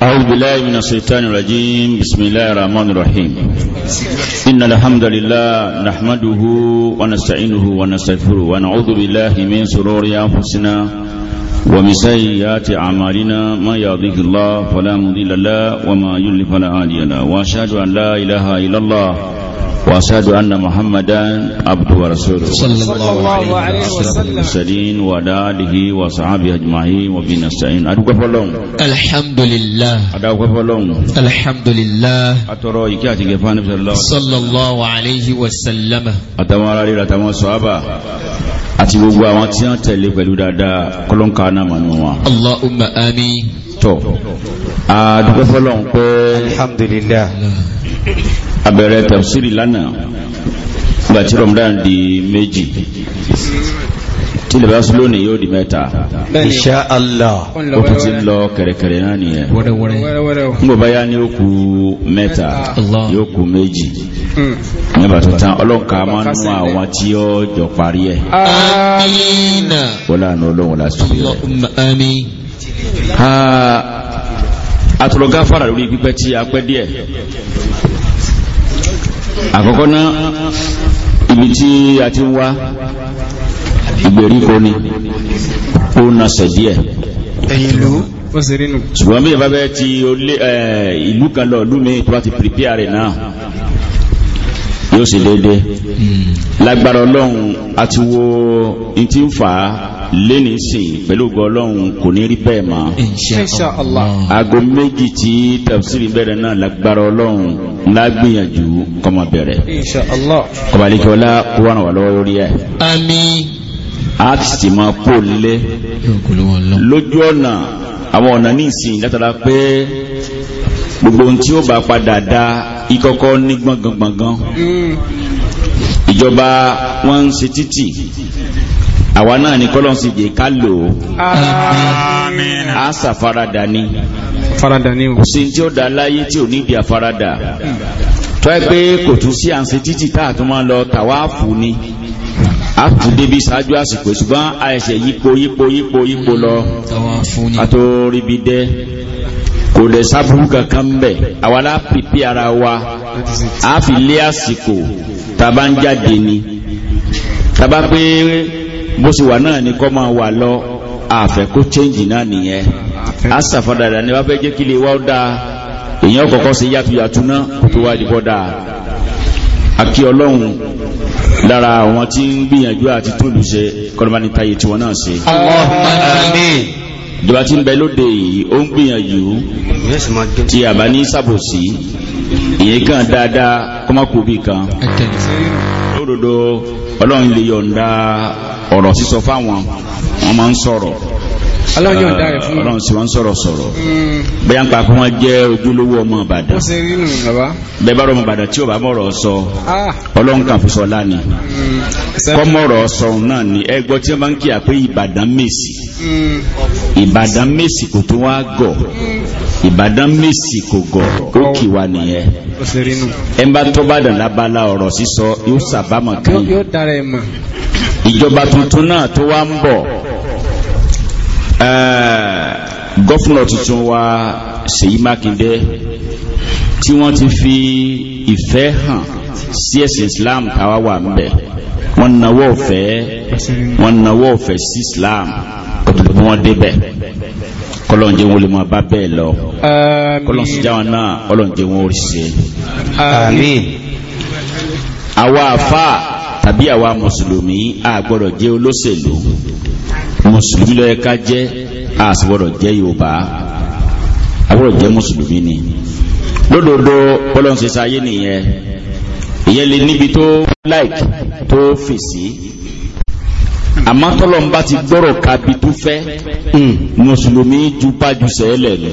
أعوذ بالله من الشيطان الرجيم بسم الله الرحمن الرحيم إن الحمد لله نحمده ونستعينه ونستغفره ونعوذ بالله من سرور أنفسنا ومن سيئات أعمالنا ما يهده الله فلا مضل له وما يضلل فلا هادي له وأشهد أن لا إله إلا الله وأشهد أن محمدا عبده ورسوله صلى الله عليه وسلم المرسلين وعلى آله وصحبه أجمعين وبنستعين أدعوك الحمد alhamdulillah alhamdulillah atọrọ ìkẹ́ àti gẹ̀fà ní sallallahu alayhi wa sallama àtàwọn ará rí àtàwọn sọ́ábà àti gbogbo àwọn tí wọ́n tẹ̀lé pẹ̀lú dáadáa kọlọ́nkà náà mọ̀ nù wọn allahumma amin tọ́ àdúgbò fọ́lọ́n pé alhamdulillah abẹ̀rẹ̀ tafsiri lánàá gbàtí rọmdán di méjì tí lè bá sún lónìí yóò di mẹ́ta insha Allah ó tún ti ń lọ kẹ̀rẹ̀kẹ̀rẹ̀ náà nìyẹn ń bọ̀ báyá ní ó kù mẹ́ta yóò kù méjì hmm. nígbà tó tán ọlọ́nkà máa ń nú àwọn tí ó jọ parí ẹ̀ àmín ó ọlọ́run láti rí rẹ̀ àmín àtọ̀rọ̀ gáfàrà lórí pípẹ́ tí a pẹ́ díẹ̀ àkọ́kọ́ náà ibi tí a ti ń wá ìgbèríko ni ó nasẹ̀ díẹ̀ ṣùgbọ́n bí ìbábẹ́ ti ìlú kan lọ ìlú mi tó bá ti pìrìpíà rẹ̀ náà yóò sì dédé hmm. lágbára ọlọ́run àti wo in ti ń fà á léni sí pẹ̀lú ọgọ́ ọlọ́run kò ní rí bẹ́ẹ̀ mọ́ Insha Allah aago méjì tí tafsiri bẹ̀rẹ̀ náà lágbára ọlọ́run lágbìyànjú kọ́mọ bẹ̀rẹ̀ Insha Allah kọ́balẹ́kẹ́ ọlá kó wà náà wà lọ́wọ́ lórí ẹ̀. àmín a ti sì máa kó lẹ́ lójú ọ̀nà àwọn ọ̀nà ní ìsìn látara pé gbogbo ohun tí ó bá padà da ikọ́kọ́ ní gbọ̀ngàngbọ̀ngàn ìjọba wọn ń ṣe títì àwa náà ni kọ́lọ́n sì jẹ́ ká lò ó a ṣàfaradà ni kò sí tí ó da láyé tí ò nídìí àfaradà tó ẹ pé kò tún sí à ń ṣe títì táà tó máa lọ tàwáàfù ni a tù débi ṣáájú àsìkò ṣùgbọ́n àìṣẹ̀ yípo yípo yípo yípo lọ àtòríbi dẹ́ kò dẹ̀ sábúrú kankan bẹ̀ àwàlá pípí ara wa a fi lé àsìkò tàbá ń jáde ni tàbá pé bó ṣe wà náà ni kọ́ máa wà lọ àfẹ́ kó chẹ́ǹjì náà nìyẹn a sàfọ́dàdà ni wọ́n fẹ́ jẹ́ kí lè wá ó dáa èèyàn kọ̀ọ̀kan sí yàtúyàtú náà kó tó wá dìbò dáa àkí ọlọ́run lára àwọn tí ń gbìyànjú àti túnlù ṣe kọlọmánítayé tí wọ́n náà ṣe ìjọba tí ń bẹ lóde yìí ó ń gbìyànjú tí a ní sàbòsí ìyẹn kan dáadáa kọ́mọkùbí kan lódodo ọlọ́run lè yọ̀ǹda ọ̀rọ̀ sísọ fáwọn wọn máa ń sọ̀rọ̀ ọlọ́run sì wọ́n sọ̀rọ̀ sọ̀rọ̀ bẹ́yà ń pa kí wọ́n jẹ́ ojúlówó ọmọ ìbàdàn bẹ́ẹ̀ bá ọmọ ìbàdàn tí ò bá mọ̀rọ̀ sọ ah. ọlọ́run kan fún hmm. sọ lánàá kọ́mọ̀rọ̀ sọ náà ni ẹ gbọ́ tí wọ́n bá ń kíyà pé ìbàdàn mèsì hmm. ìbàdàn mèsì kò tó wá gọ̀ hmm. ìbàdàn mèsì kò gọ̀ ó kì wá nìyẹn ẹ bá tó bàdàn lábala ọ̀rọ̀ sísọ yóò sàbámọ̀ kan ìjọba tuntun náà tó wá ń bọ̀ Eh, gọ́fúnà tuntun wa Ṣèyí Mákindé tí wọ́n ti fi ìfẹ́ hàn sí ẹ̀sìn Islam táwa wà ń bẹ̀ wọ́n nawọ́ ọ̀fẹ́ wọ́n nawọ́ ọ̀fẹ́ sí Islam kòtòkò tí wọ́n débẹ̀ kọlọ́njẹ́ wọn lè máa bá bẹ́ẹ̀ lọ kọlọ́njẹ́ wọn náà kọlọ́njẹ́ wọn ò ṣe. àmín. àwa àfa tàbí àwa mùsùlùmí a jẹ́ olóṣèlú mùsùlùmí ló yẹ ká jẹ́ àsìbọ̀dọ̀ jẹ́ yorùbá àbúrò jẹ́ mùsùlùmí ni lódodo bọ́lọ́nsẹsẹ ayé nìyẹn ìyẹn lè níbi tó like tó fèsì àmọ́ tọ́lọ́mbà ti gbọ́rọ̀ kábi tó fẹ́ hmm. mùsùlùmí ju bájú sẹ́lẹ̀ lọ.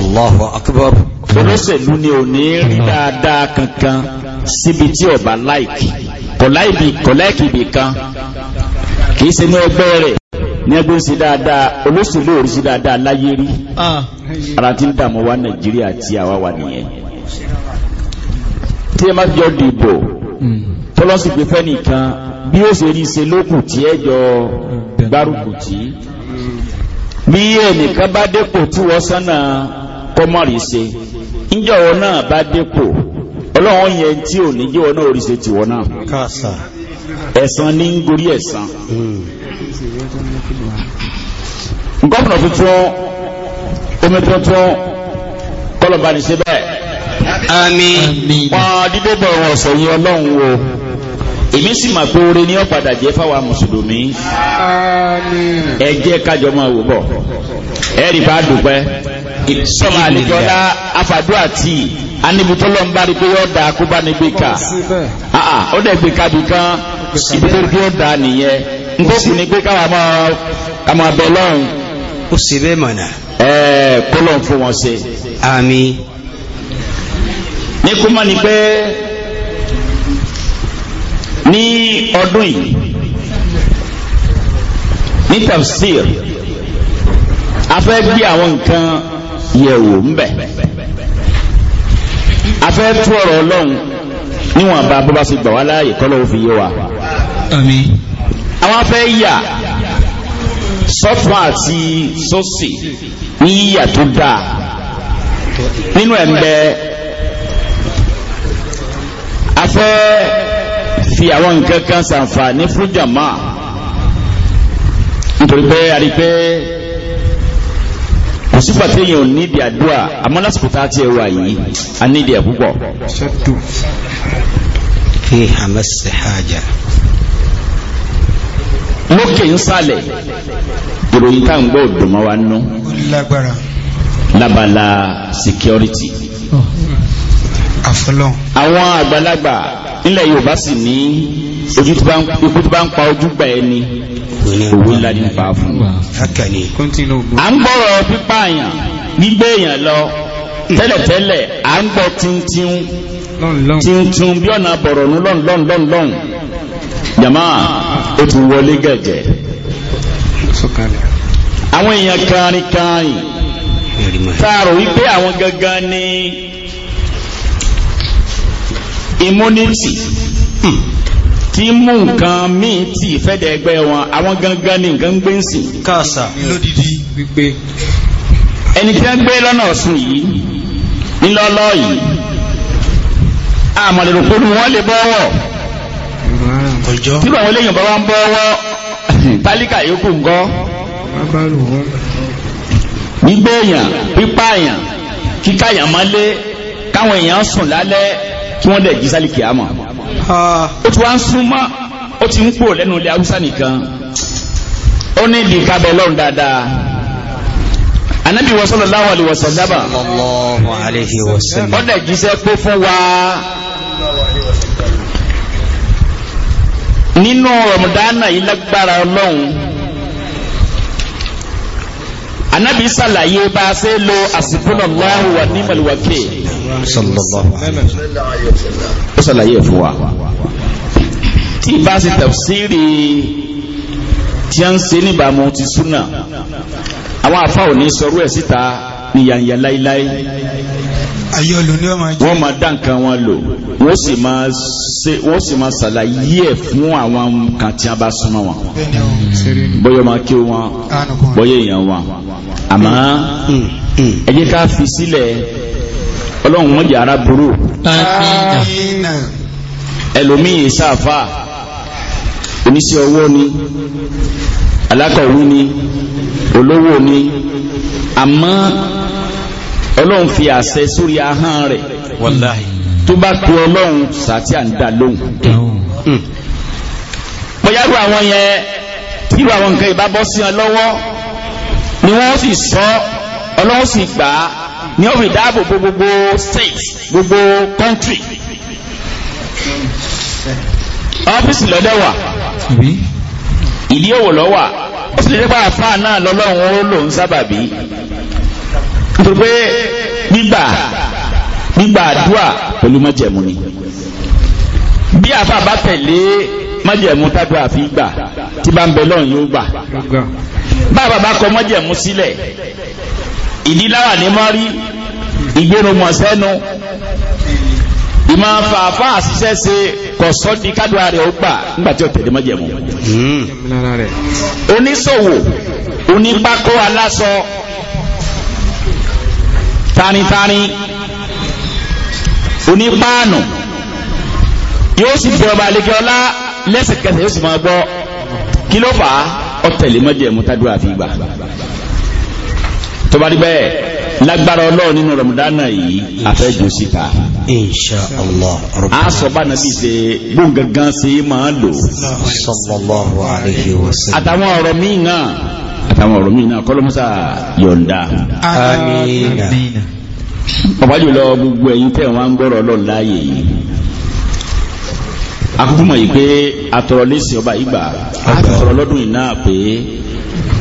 Allahu akbar. olóṣèlú ni ò ní rí dáadáa kankan síbi tí ọba láìkì kọ̀láìkì ibì kan kì í ṣe ní ọgbẹ́ rẹ̀ ní ẹgbẹ́ sí dáadáa olóṣèlú orí sí dáadáa láyé rí ah. ara tí ń dààmú wa nàìjíríà tí àwa wà nìyẹn tí ẹ má fi jọ dìbò tọ́lọ́sì pé fẹ́ nìkan bí ó ṣe rí ṣe lókùn tí ẹ jọ gbárùkù tí bí ẹnìkan bá dépò tí wọ́n sánà kọ́mọ́rì ṣe níjọ́wọ́ náà bá dépò ọlọ́run yẹn tí ò ní jẹ́wọ́ náà orí tìwọ́ náà ẹ̀san ní ń gorí ẹ̀san. Hmm gómìnà tuntun omi tuntun kọlọ̀bá ní ṣe bẹ́ẹ̀ àmín wọ́n dídé bọ̀ ọ̀sẹ̀ yìí ọlọ́run wo èmi sì mà pé oore ní ọ̀padà jẹ́ fáwa mùsùlùmí ẹ jẹ́ kájọ máa wò bọ̀ ẹ rí bá dùpẹ́ sọ́mà àlejòlá afàdúrà tí anibutọ́lọ́ ń bá rí pé yọ̀ọ́ da kó bá ní gbé ká ah, ah, ó dẹ̀ gbé ká bì kan tó rí pé nìyẹn nǹkan sì ni pé káwa máa bẹ lọ́run. ó sì bẹ́ẹ̀ mọ̀nà. ẹ̀ẹ́ kó fún wọn ṣe. àmín. ní kúmọ̀ ni pé ní ọdún yìí ní tafsir a fẹ́ gbé àwọn nǹkan yẹ̀wò ńbẹ̀ a fẹ́ tú ọ̀rọ̀ ọlọ́run níwọ̀n bó bá ṣe gbà wá láàyè kọ́lọ́wọ́ fi yé wa àwọn afẹ́ yà sọ́tún àti sósì ní yíyà tó dáa nínú ẹ̀mẹ́ afẹ́ fi àwọn nǹkan kan ṣàǹfààní fún jàmá nítorí pé a rí pé kò sígbà tí èèyàn nídìí àdúrà àmọ́ lásìkò tá a ti ẹwà yìí a nídìí ẹ̀ púpọ̀. fi hamas haja lókè ń sálẹ̀ ìròyìn tá ń gbọ́ òdùnmọ́ wa nú lábala security oh. àwọn àgbàlagbà nílẹ̀ Yorùbá sì ní ojú tó bá ń pa ojú gbà ẹni òwe ńlá ní pa fún à ń gbọ́rọ̀ pípa àyàn gbígbé èèyàn lọ tẹ́lẹ̀tẹ́lẹ̀ à ń gbọ́ tíntín tíntín bí ọ̀nà bọ̀rọ̀ nú lọ́nlọ́nlọ́n jàmáà ó ti wọlé gẹ̀jẹ̀ àwọn èèyàn kárìnkárìn táàrò wípé àwọn gangan ní immunity hmm. tí mú nǹkan míì tí ìfẹ́dẹ̀ ẹgbẹ́ wọn àwọn gangan ní nǹkan gbé ń sìn káàsà lódìdí wípé ẹni tí wọ́n gbé lọ́nà ọ̀sùn yìí ńlọ́lọ́ yìí àmọ̀lẹ̀rùpọ̀ ni wọ́n lè bọ́wọ̀ kọjọ́ nígbà wọlé yìnbọn wá ń bọ́ wọ́ tálíkà yókù ń gọ́ gbígbé èèyàn pípa èèyàn kíká èèyàn máa lé káwọn èèyàn sùn lálẹ́ kí wọ́n dẹ̀ jí sálíkì àmọ́ ó ti wá ń súnmọ́ ó ti ń kúrò lẹ́nu ilé haúsá nìkan ó ní ìdí kábẹ́ lọ́run dáadáa anabi sallallahu alaihi wasallam ó dẹ̀ jíṣẹ́ pé fún wa. nínú rọmọdánà yìí lágbára ọlọ́run anabi sàlàyé bá a ṣe lo àsìkúnàláhù wà ní màlúwàkè ó sàlàyé fún wa tí bá ṣe tafsiri tí a ń ṣe níbàámu ti súnà àwọn afáwọn ní sọrú ẹ̀ síta ní yànyà láíláí ayọ́lù ni ó máa jẹ́ wọ́n máa dá nǹkan wọn lò wọ́n sì máa ṣe wọ́n sì máa ṣàlàyé ẹ̀ fún àwọn kan tí a bá súnmọ́ wọn bóyá máa kí wọn bóyá èèyàn wọn àmọ́ hmm, hmm. ẹ ká fi sílẹ̀ ọlọ́run wọn jẹ́ ara burú sáfà oníṣẹ́ ọwọ́ ni alákọ̀wé ni olówó ni àmọ́ ọlọ́run fi àṣẹ sórí ahọ́n rẹ̀ wàláhì tó bá pe ọlọ́run sàtí à ń dá lóhùn bóyárú àwọn yẹn irú àwọn nǹkan ìbá bọ́ sí ọ lọ́wọ́ ni wọ́n sì sọ ọlọ́run sì gbà á ni wọ́n dáàbò gbogbo state gbogbo country ọ́fíìsì lọ́dẹ̀ wà ìdí òwò lọ́wà ó sì lè dé pa àfáà náà lọ́lọ́run ó lòun sábàbí nítorí pé gbígbà gbígbà àdúà pẹ̀lú májẹ̀mú ni bí àfa bá tẹ̀lé májẹ̀mú tábí àfi gbà tí bá ń bẹ lọ́run yóò gbà bàbá bá kọ májẹ̀mú sílẹ̀ ìdíláwà ní mọ́rí ìgbéròmọ̀ sẹ́nu ìmọ̀ fàáfà àṣìṣẹ́ ṣe kò sọ́ di kádùá rẹ̀ ó gbà nígbà tí ó tẹ̀lé májẹ̀mú hmm. oníṣòwò onípákó aláṣọ tarintarin onípaanu yóò sì fi ọba àlekẹ́ ọlá lẹ́sẹ̀kẹsẹ̀ yóò sì máa gbọ́ kí ló fà á ọ̀tẹ̀lẹ́mọ́jẹ̀mú tádùn àfi gbà tó bá rí bẹ́ẹ̀ lágbára ọlọ́run nínú ramadana yìí àfẹ́jọ síta insha Allah a sọ bá nàbí ṣe gbóngangan sí máa lò sallallahu alaihi wasallam àtàwọn ọ̀rọ̀ míì náà àtàwọn ọ̀rọ̀ míì náà kọlọmọsà yọ̀ǹda àmín ọba jùlọ gbogbo ẹ̀yin tẹ́ wọn gbọ́rọ̀ lọ́la yìí akúkú mọ̀ yìí pé atọ̀rọ̀ lẹ́sìn ọba ìgbà àtọ̀rọ̀ lọ́dún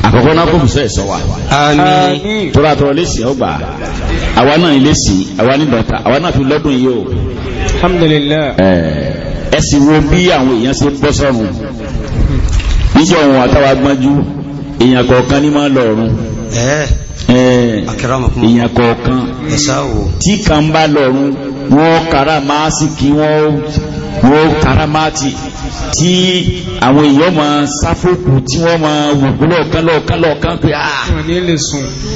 àkọ́kọ́ náà kò fùsọ́ ẹ̀sọ́ wa àmín tó tọrọ lẹ́sìn àwa náà àwa ní àwa náà fi lọ́dún yìí o Alhamdulilayi. ẹ wo bí àwọn èèyàn ṣe bọ́ sọ́run òun èèyàn kọ̀ọ̀kan ní máa lọ́ọ̀run èèyàn kọ̀ọ̀kan tí kan bá lọ́ọ̀run wọ́n máa sì kí wọ́n wọ́n karamati tí àwọn èèyàn ma sáfòkù tí wọ́n ma wòkú lọ́ọ̀kan lọ́ọ̀kan lọ́ọ̀kan pé àà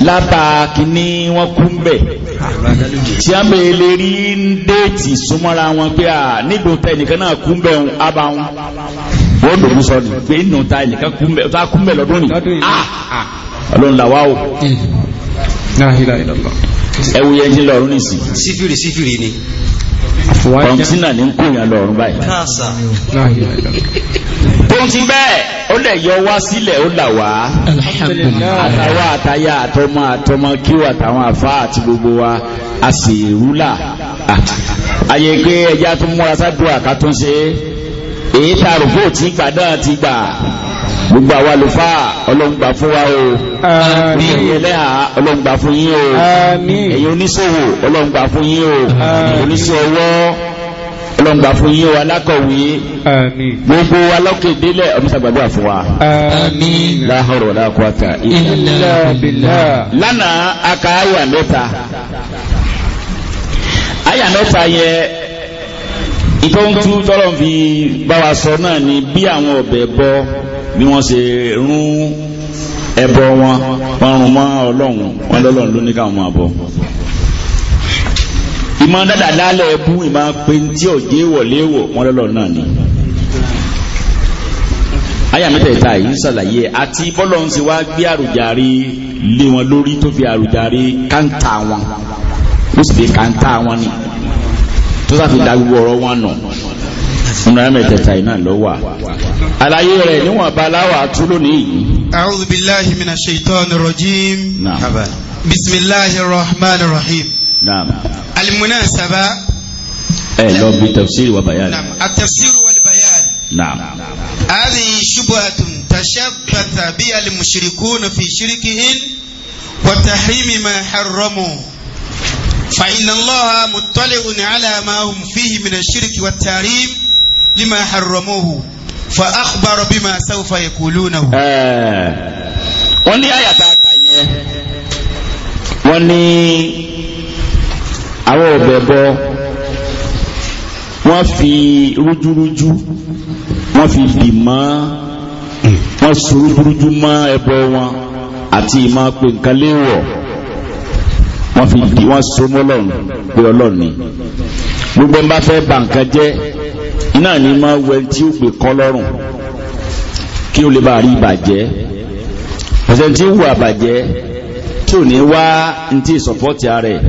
lábà kìíní wọ́n kú ń bẹ̀ tí a bẹ̀ lè rí déètì súnmọ́ra wọn pé àà ah, tẹ nìkan náà kú ń bẹ̀ ń abá wọn wọ́n dòdú sọ ni pé nù ta nìkan kú ń bẹ̀ ta kú ń bẹ̀ lọ́dún ni àà ah, ọlọ́run làwá o ẹwù yẹn jí lọ́rùn nìsín sífìrì sífìrì ni kọ̀ǹtínà ní kòyàn lọ́rùn báyìí tó ń ti bẹ́ẹ̀ ó lẹ̀ yọ wá sílẹ̀ ó là wá àtàwà àtàyà àtọmọ àtọmọ kí wà táwọn àfá àti gbogbo wa a sì rúlà àyè pé ẹja tó múra sádùn àkàtúnṣe èyí tààrùkú ò tí gbà náà ti gbà gbogbo àwọn àlùfáà ọlọ́ngbà fún wa o ẹ̀yin ẹlẹ́à ọlọ́ngbà fún yín o ẹ̀yin oníṣòwò ọlọ́ngbà fún yín o oníṣẹ́ ọwọ́ fún yín o alákọ̀wé gbogbo wa lọ́kè délẹ̀ ọmọsàgbàdúrà fún wa la hawla wala quwwata illa billah lánàá aka àyà mẹ́ta àyà mẹ́ta yẹ ìtọ́ntú tọ́lọ́ fi bá wa sọ náà ni bí àwọn ọ̀bẹ̀ bọ́ bí wọ́n ṣe rún ẹbọ wọn wọ́n rún mọ́ ọlọ́run wọ́n lọ́lọ́run ló ní káwọn máa bọ̀ ìmọ̀ dáadáa lálẹ́ ẹbú ìmọ̀ pé tí wọlé wọ̀ wọ́n lọ́lọ́run náà ni aya mẹ́tẹ̀ẹ̀ta yìí ń ṣàlàyé àti bọ́lọ̀ ń ṣe wá gbé àrùjàre lé wọn lórí tó fi àrùjàre káńtà wọn ó sì fi káńtà wọn ni tó sáfi dá gbogbo ọ̀rọ̀ wọn nù nínú ayé mẹ́tẹ̀ẹ̀ta iná ló wà àlàyé rẹ̀ níwọ̀n baláwà tú lónìí yìí. a'udhu billahi minash shaitani rajim. bismillahir rahmanir rahim. al-munasaba. ẹ lọ bi tafsiri wa bayan. at-tafsiru wal bayan. هذه شبهة تشبث بها المشركون في شركهم وتحريم ما حرموا فإن الله مطلع على ما هم فيه من الشرك والتحريم lima haramuhu fa akhbaro bima sawfa yakulunahu. wọ́n ní àyàtà àkàyẹ wọ́n ní àwọn ọ̀bẹ̀ bọ́ wọ́n fi rújúrújú wọ́n fi dì mọ́ wọ́n so rújúrújú mọ́ ẹbọ wọn àti ìmọ̀ pé nǹkan léwọ̀ wọ́n fi dì wọ́n so mọ́ lọ́rùn pé ọlọ́ọ̀ni gbogbo ń bá fẹ́ bà nǹkan jẹ́ iná ní máa wẹ tí ó gbé kọ́ lọ́rùn kí ó lè bá rí ìbàjẹ́ ọ̀sẹ̀ tí ó wù àbàjẹ́ tí ò ní wá ní tí ìsọ̀pọ̀tì ara ẹ̀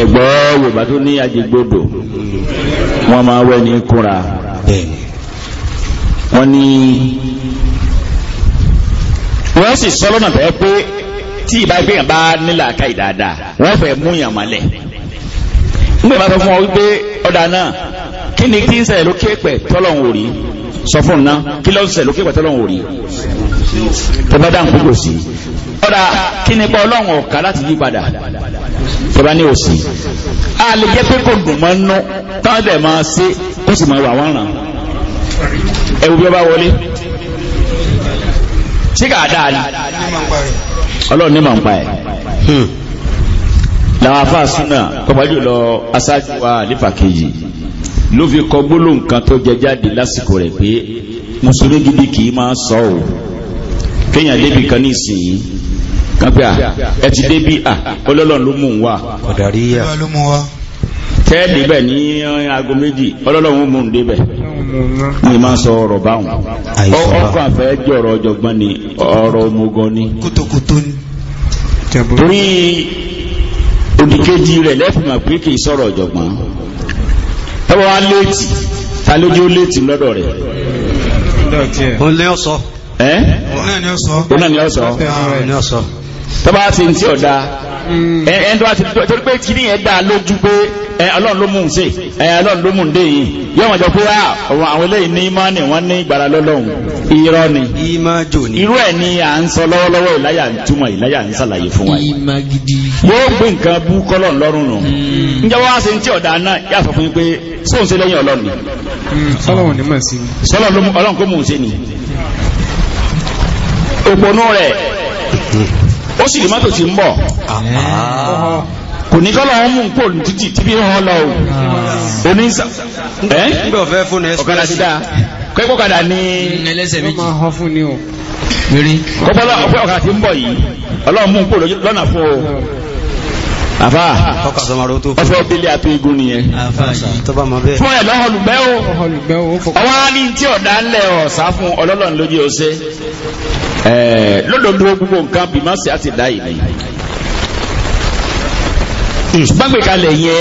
ẹ̀gbọ́ yorùbá tó ní ajégbodò wọ́n máa wẹ́ ní kúnra wọ́n ní wọ́n sì sọ lọ́nà fẹ́ pé tí ìbá gbéyàn bá nílà ká ìdáadáa wọ́n fẹ́ mú yàn mọ́lẹ̀ nígbà bá sọ fún ọ wípé ọ̀dà náà kí ni kí ń ṣẹlẹ̀ lókè pẹ̀ tọ́lọ́hún ò rí sọ fún un ná kí ló ń ṣẹlẹ̀ lókè pẹ̀ tọ́lọ́hún ò rí tọ́ba dáhùn kúkò sí ọ̀dà kí ni pa ọlọ́run ọ̀ka láti yí padà tọ́ba ní òsì a lè jẹ́ pé kò dùn mọ́ nú táwọn dẹ̀ máa ṣe kó sì máa wà wọ́n ràn ẹ̀wù bí ọba wọlé ṣé kà á dáa ni ọlọ́run ní màá ẹ̀ hmm. làwọn afáàsúnà pàpàjù lọ aṣáájú wa nípa kejì ló fi kọ gbólóhùn kan tó jẹ jáde lásìkò rẹ̀ pé mùsùlùmí gidi kì í máa sọ ò kéèyàn débi kan ní ìsìn yìí kápẹ́ à ẹ ti débi à ọlọ́lọ́run ló mú un wá. ọ̀dàríyà tẹ́ẹ̀dì bẹ̀ ní aago méjì ọlọ́lọ́run mú un débẹ̀ ní ma sọ ọ̀rọ̀ báhùn ọkọ̀ àfẹ́ jẹ́ ọ̀rọ̀ ọjọ́gbọ́n ni ọ̀rọ̀ omugan ni kótókótó ni torí òdìkejì rẹ̀ lẹ́fìmọ̀ pé kìí sọ̀rọ̀ ọjọ́gbọ́n tọ́wọ́ wá léètì ta ló jẹ́ ó léètì lọ́dọ̀ rẹ̀ òun ni ó sọ tọba bá ṣe ń ọ̀dá ẹ̀ẹ́ tó bá ṣe torí pé kí ní lójú pé ọlọ́run ló mú un ṣe ọlọ́run ló mú un dé yìí yóò jọ pé ah, àwọn eléyìí ní ìmọ̀ ni wọ́n ní ìgbàlá ni irú ẹ̀ ni à ń sọ lọ́wọ́lọ́wọ́ ìláyà ń túmọ̀ ìláyà ń fún wa yóò gbé nǹkan bú kọ́lọ̀ lọ́rùn nù hmm. náà yà ó sì rí mọ́tò tí ń bọ̀ kò ní kọ́lọ̀ wọn mú kó títì tí bí wọ́n lọ o ní sà ẹ́ ọ̀kadà sí dáa kẹ́kọ̀ọ́ kadà ní ẹlẹ́sẹ̀ méjì kọ́kọ́ ọ̀kadà tí ń bọ̀ yìí ọlọ́run mú kó lọ́nà fún o àfá ọfọ́ bílé àti igun nìyẹn fún ẹ̀ lọ́họ̀lùgbẹ́ o ọwọ́ ní tí ọ̀dá ńlẹ̀ ọ̀sá fún ọlọ́lọ́n lójú ọsẹ́ lọ́dọ̀dọ̀ gbogbo nǹkan bí má sí àti dáì ní hmm, gbàgbé kalẹ̀ yẹ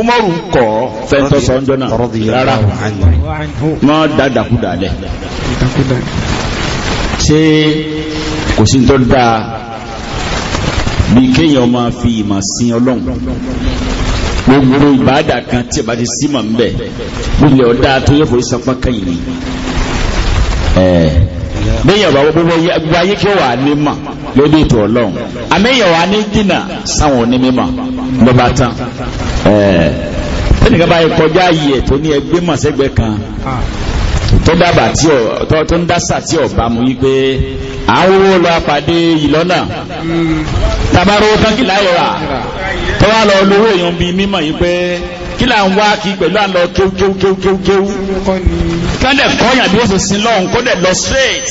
umaru kọ̀ fẹ́ntọ́ sọ́njọ́ náà rárá mọ́ dáadáa kúdà lẹ̀ ṣé kò sí tó dáa bí kéèyàn máa fi ìmọ̀ sin ọlọ́run gbogbo ìbáàdà kan tí ìbá ti símọ̀ ń bẹ̀ nílẹ̀ ọ̀dá tó yẹ fòrí sọpá kẹyìn ni bẹ́yàn bá gbogbo ayé kí wà ní mà lórí ètò ọlọ́run àmẹ́yàn wà ní dínà sáwọn onímọ̀ lọ́ba tán tẹ́nìkan báyìí kọjá yìí ẹ̀ tó ní ẹgbẹ́ màsẹ́gbẹ́ kan tó dábà tí ọ tó ń dásà tí ọ bá mu wípé à ń wó lọ apàdé ìlọ́nà tabaró tánkìlá ìrà tó wá lọ lówó èèyàn bíi mímọ̀ yìí pé kí là ń wá kí pẹ̀lú àlọ́ kéwkéwkéwkéwkéw kálẹ̀ kọ́yàn bí ó sì sin lọ́hùn kó dẹ̀ lọ straight.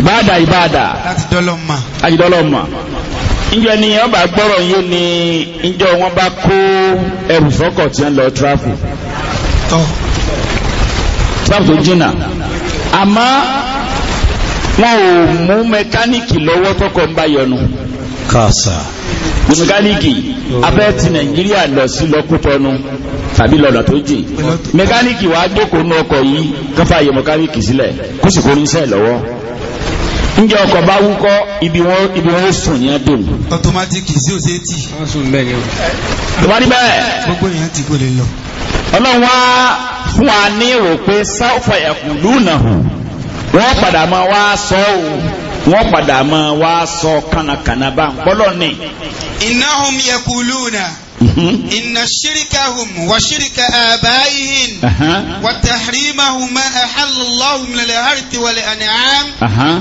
ìbáàdà ìbáàdà láti dọ́lọ́ ni wọn bá gbọ́rọ̀ yé ni njọ wọn bá kó ẹrù sọ́kọ̀ tí wọn lọ tráfù. islam tó àmọ́ wọn ò mú mẹkáníìkì lọ́wọ́ tọkọ ń bá yọnu. kàṣà. mẹkáníìkì afẹ́ ti nàìjíríà lọ sí lọ́kútọ́nu tàbí lọ́dọ̀ tó jìn mẹkáníìkì wàá jókòó nu ọkọ̀ yìí káfá yẹ mẹkáníìkì sílẹ̀ kó sì kó ní sẹ́ẹ̀ lọ́wọ́ ọkọ̀ bá ibi wọn ibi wọn sùn ní ẹdùn. automatic sùn ni gbogbo èèyàn ti lọ. ọlọ́run wá fún wa ní rò pé sáfà ẹ̀kùn lúnàhù wọ́n padà máa wá sọ ò wọ́n padà máa wá sọ kànàkànà bá ń pọ́lọ́ ní. innahum yaquluna. إن شركهم وشرك آبائهم وتحريمهما أحل الله من الأرض والأنعام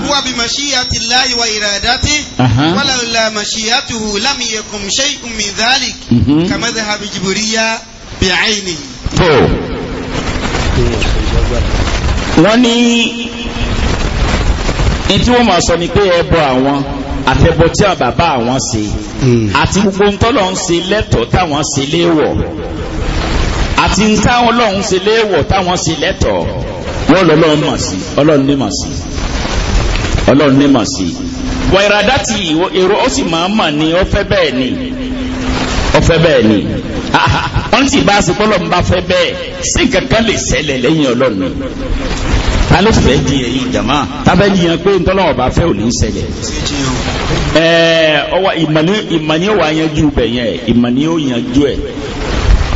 هو بمشيئة الله وإرادته ولولا مشيئته لم يكن شيء من ذلك كمذهب جبرية بعينه tó wọ́n ní ìtí wọ́n máa sọ ni pé ẹbọ àwọn àtẹbọ tí àwọn bàbá àwọn ṣe hmm. àti gbogbo ntọ́lọ̀ ń ṣe lẹ́tọ̀ọ́ táwọn ṣe léèwọ̀ àti ntáwọn ọlọ́run ṣe léèwọ̀ táwọn ṣe lẹ́tọ̀ọ́ wọ́n lọ lọ́run mọ̀ sí ọlọ́run ní mọ̀ sí ọlọ́run ní mọ̀ sí. wọ ìràdá ti èrò ó sì máa ń mọ̀ ní ó bẹ́ẹ̀ ni ó bẹ́ẹ̀ ni. wọ́n sì bá aṣọ pọ́lọ́ ń bá fẹ́ bẹ́ẹ̀ sí kankan lè ṣẹlẹ̀ lẹ́yìn ọlọ́run ta ló fẹ́ di ẹ̀yìn jama tábẹ́ nìyẹn pé ntọ́lọ́wọ́ bá fẹ́ ò ní ṣẹlẹ̀ ẹ̀ẹ́ ọwọ́ ìmọ̀ ni ó wà yanjú bẹ̀ yẹn ìmọ̀ yanjú ẹ̀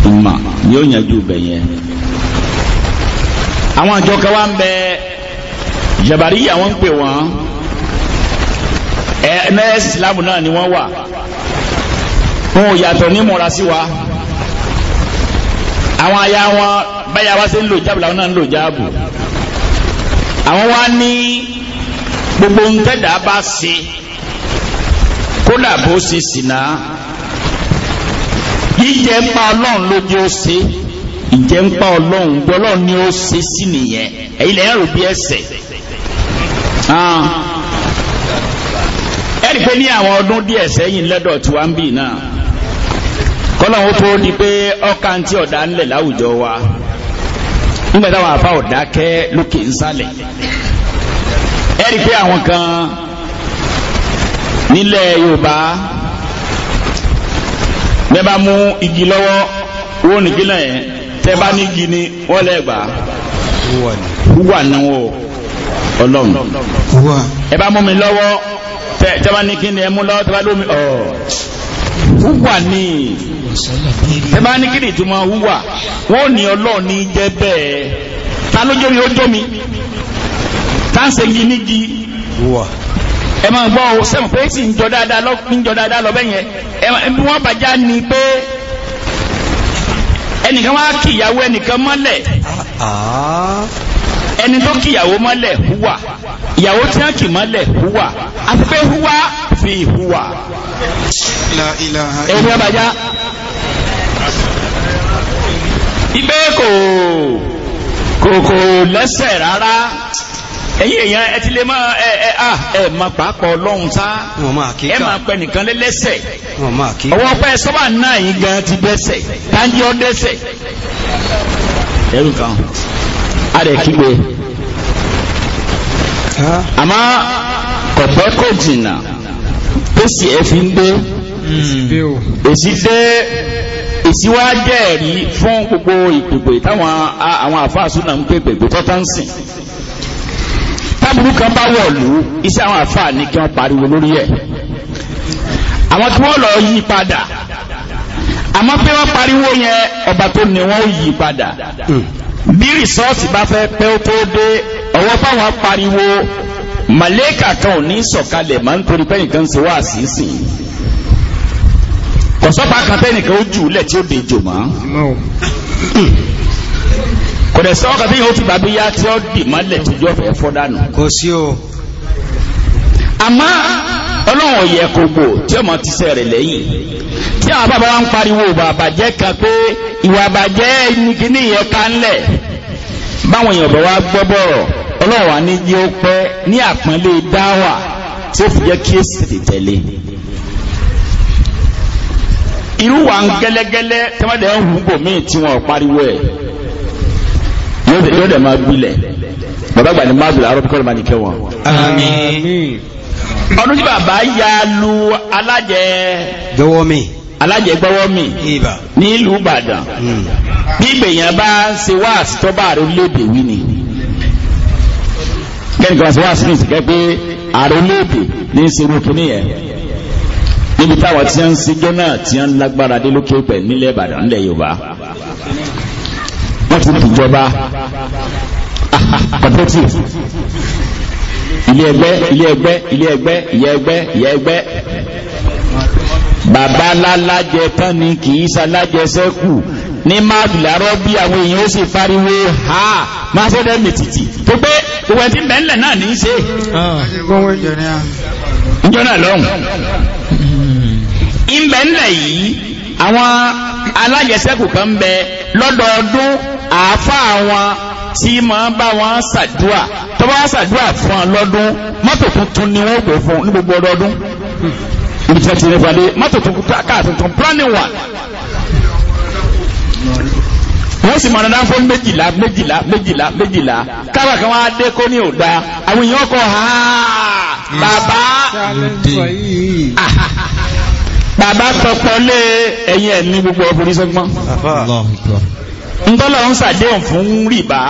ìmọ̀ ni ó yanjú bẹ̀ yẹn. àwọn àjọ kan wá ń bẹ jabari àwọn ń pè wọ́n ẹ̀ ẹ̀ nẹ́ẹ̀sì islam náà ni wọ́n wà wọn ò yàtọ̀ ní mọ̀ra sí wa àwọn aya wọn báyà wá sí ń lò jáàbù làwọn náà ń lò jáàbù àwọn wá ní gbogbo ń bá ṣe kódà bó ṣe sìnà jíjẹ ń pa ọlọ́run ló ó ṣe ìjẹ ń pa ọlọ́run gbọ́ ọlọ́run ni ó ṣe sí nìyẹn èyí lẹ́yìn rò bí ẹsẹ̀ ah. ẹ̀rí pé ní àwọn ọdún díẹ̀ sẹ́yìn lẹ́dọ̀ tí wá ń bì náà kọ́lọ̀wọ́ tó di pé ọkà tí ọ̀dá ńlẹ̀ láwùjọ wa nígbàtàwà àfá ọ̀dá kẹ́ lókè ńsàlẹ̀ ẹ̀rí pé àwọn kan nílẹ̀ Yorùbá bẹ́ẹ̀ bá mú igi lọ́wọ́ wọ́n nìgínlẹ̀ yẹn tẹ́ bá ní igi ni wọ́n lẹ́gbà wúwà náwó ọlọ́run ẹ bá mú mi lọ́wọ́ tẹ́ bá ní kí ni ẹ mú lọ́wọ́ tẹ́ bá lómi ọ̀ wúwà ní ẹbá ní kíni ìtumọ̀ húwà wọ́n ní ọlọ́run ní jẹ́ bẹ́ẹ̀ ta ló jómi ó jómi ta ń segi nígi ẹ máa gbọ́ ọ sẹ́wọ̀n pé sì ń jọ dáadáa lọ ń jọ dáadáa lọ bẹ́yẹn ẹ wọ́n bàjá ni pé ẹnìkan wá kìyàwó ẹnìkan mọ́lẹ̀ ah, ah. ẹni tó kìyàwó mọ́lẹ̀ húwà ìyàwó tí wọ́n kì mọ́lẹ̀ húwà àti pé húwà fi ìhúwà ẹni ọbàjá ibẹ́ kò kò lẹ́sẹ̀ rárá ẹ̀yìn èèyàn ẹ ti lè máa ẹ ẹ à ẹ ma pàápọ̀ ọlọ́run tá ẹ máa pẹ nìkan lé lẹ́sẹ̀ ọwọ́ pẹ́ sọ́bà náà yìí gan ti dẹ́sẹ̀ tájí dẹ́sẹ̀ ẹrù a rẹ̀ kígbe àmọ́ kọ̀pẹ́ kò jìnnà èsì ẹ̀fí ń dé èsì dé èsì wá jẹ́ ẹ̀rí fún gbogbo ìpèpè táwọn àwọn àfáàsù náà ń pèpè pé tọ́tà ń sìn tábùrú kan bá wọ̀ lù iṣẹ́ àwọn àfáà ní kí wọ́n pariwo lórí ẹ̀ àwọn tí wọ́n lọ yí padà àmọ́ pé wọ́n pariwo yẹn ọba tó ní wọ́n yí padà hmm. bí rìsọ́ọ̀sì bá fẹ́ pẹ́ tó dé ọwọ́ fáwọn pariwo màlẹ́kà kan ò ní sọ̀kalẹ̀ máa ń torí pẹ́yìn kan ṣe wá àṣìṣì kọ̀sọ́pà kan pẹ́yìn kan ó jù lẹ̀ tí ó dé jò mọ́ kò dẹ̀ sọ́wọ́ kan pẹ́yìn ó ti bàbí yá tí ó dì mọ́lẹ̀ tí ojú ọ̀fẹ́ fọ́ dànù. kò sí o. àmọ́ ọlọ́run ọ̀yẹ̀ kò gbò tí ọmọ ti sẹ́ rẹ̀ lẹ́yìn tí àwọn bàbá wa ń pariwo bàbàjẹ́ kan pé ìwà bàjẹ́ ní yẹn ká ńlẹ̀ báwọn èèyàn bọ̀ wá gbọ́ bọ̀rọ̀ ọlọ́wà ní yí ó pẹ́ ní àpọ́nlé dáwà tí ó fi jẹ́ kí èsì tètè tẹ̀lé irú wa ń gẹ́lẹ́gẹ́lẹ́ tẹ́mọ́dẹ̀ ń hù bò míì tí wọ́n pariwo ẹ̀ yóò dẹ̀ máa gbilẹ̀ bàbá gbà ní máa bìlà arọ́pù kọ́lọ̀ máa ní kẹwọn. àmín. ọdún tí bàbá ya lu alájẹ gbọ́wọ́ mi alájẹ gbọ́wọ́ mi nílùú Ìbàdàn hmm. bí ìgbèyàn bá ń ṣe wáàsí tọ́ba àrò lédè wí ni kẹ́nìkan wá sí wá sí ní ìsìnkẹ́ pé ààrẹ olóògbé ní ìṣòro kìíní yẹn níbi táwa tí a ń sejọ́ náà tí a ń lágbára dé lókè pẹ̀ nílẹ̀ Ìbàdàn nílẹ̀ Yorùbá wọ́n ti dìjọba cooperative ilé ẹgbẹ́ ilé ẹgbẹ́ ilé ẹgbẹ́ ìyẹ ẹgbẹ́ ìyẹ ẹgbẹ́ bàbá lálájẹ tán ni kì í ṣalájẹ sẹ́kù ní máàlù làárọ̀ bí àwọn èèyàn ó sì fariwo ha máa ṣẹ́dẹ̀ mètìtì tó gbé gbogbo ẹtí bẹ́ẹ̀lẹ̀ náà ní í ṣe ìjọ́nà lọ́hùn ìbẹ̀ẹ̀lẹ̀ yìí àwọn alájẹsẹ́kù kan bẹ lọ́dọọdún àáfà wọn tí máa bá wọn ṣàdúà tó bá ṣàdúà fún ọ lọ́dún mọ́tò tuntun ni wọ́n gbé fún ní gbogbo ọdọọdún ibi tí wọ́n ti rí padé mọ́tò tuntun káà tuntun planning one wọ́n sì máa dáná fún méjìlá méjìlá méjìlá méjìlá kábà kan wá dé kó ní ògbà àwọn èèyàn kọ ha bàbá bàbá tọpọ lé ẹ̀yìn ẹ̀ ní gbogbo ọkùnrin sọ́gbọ́n ńdọ́lọ̀ ń sàdéhùn fún rìbá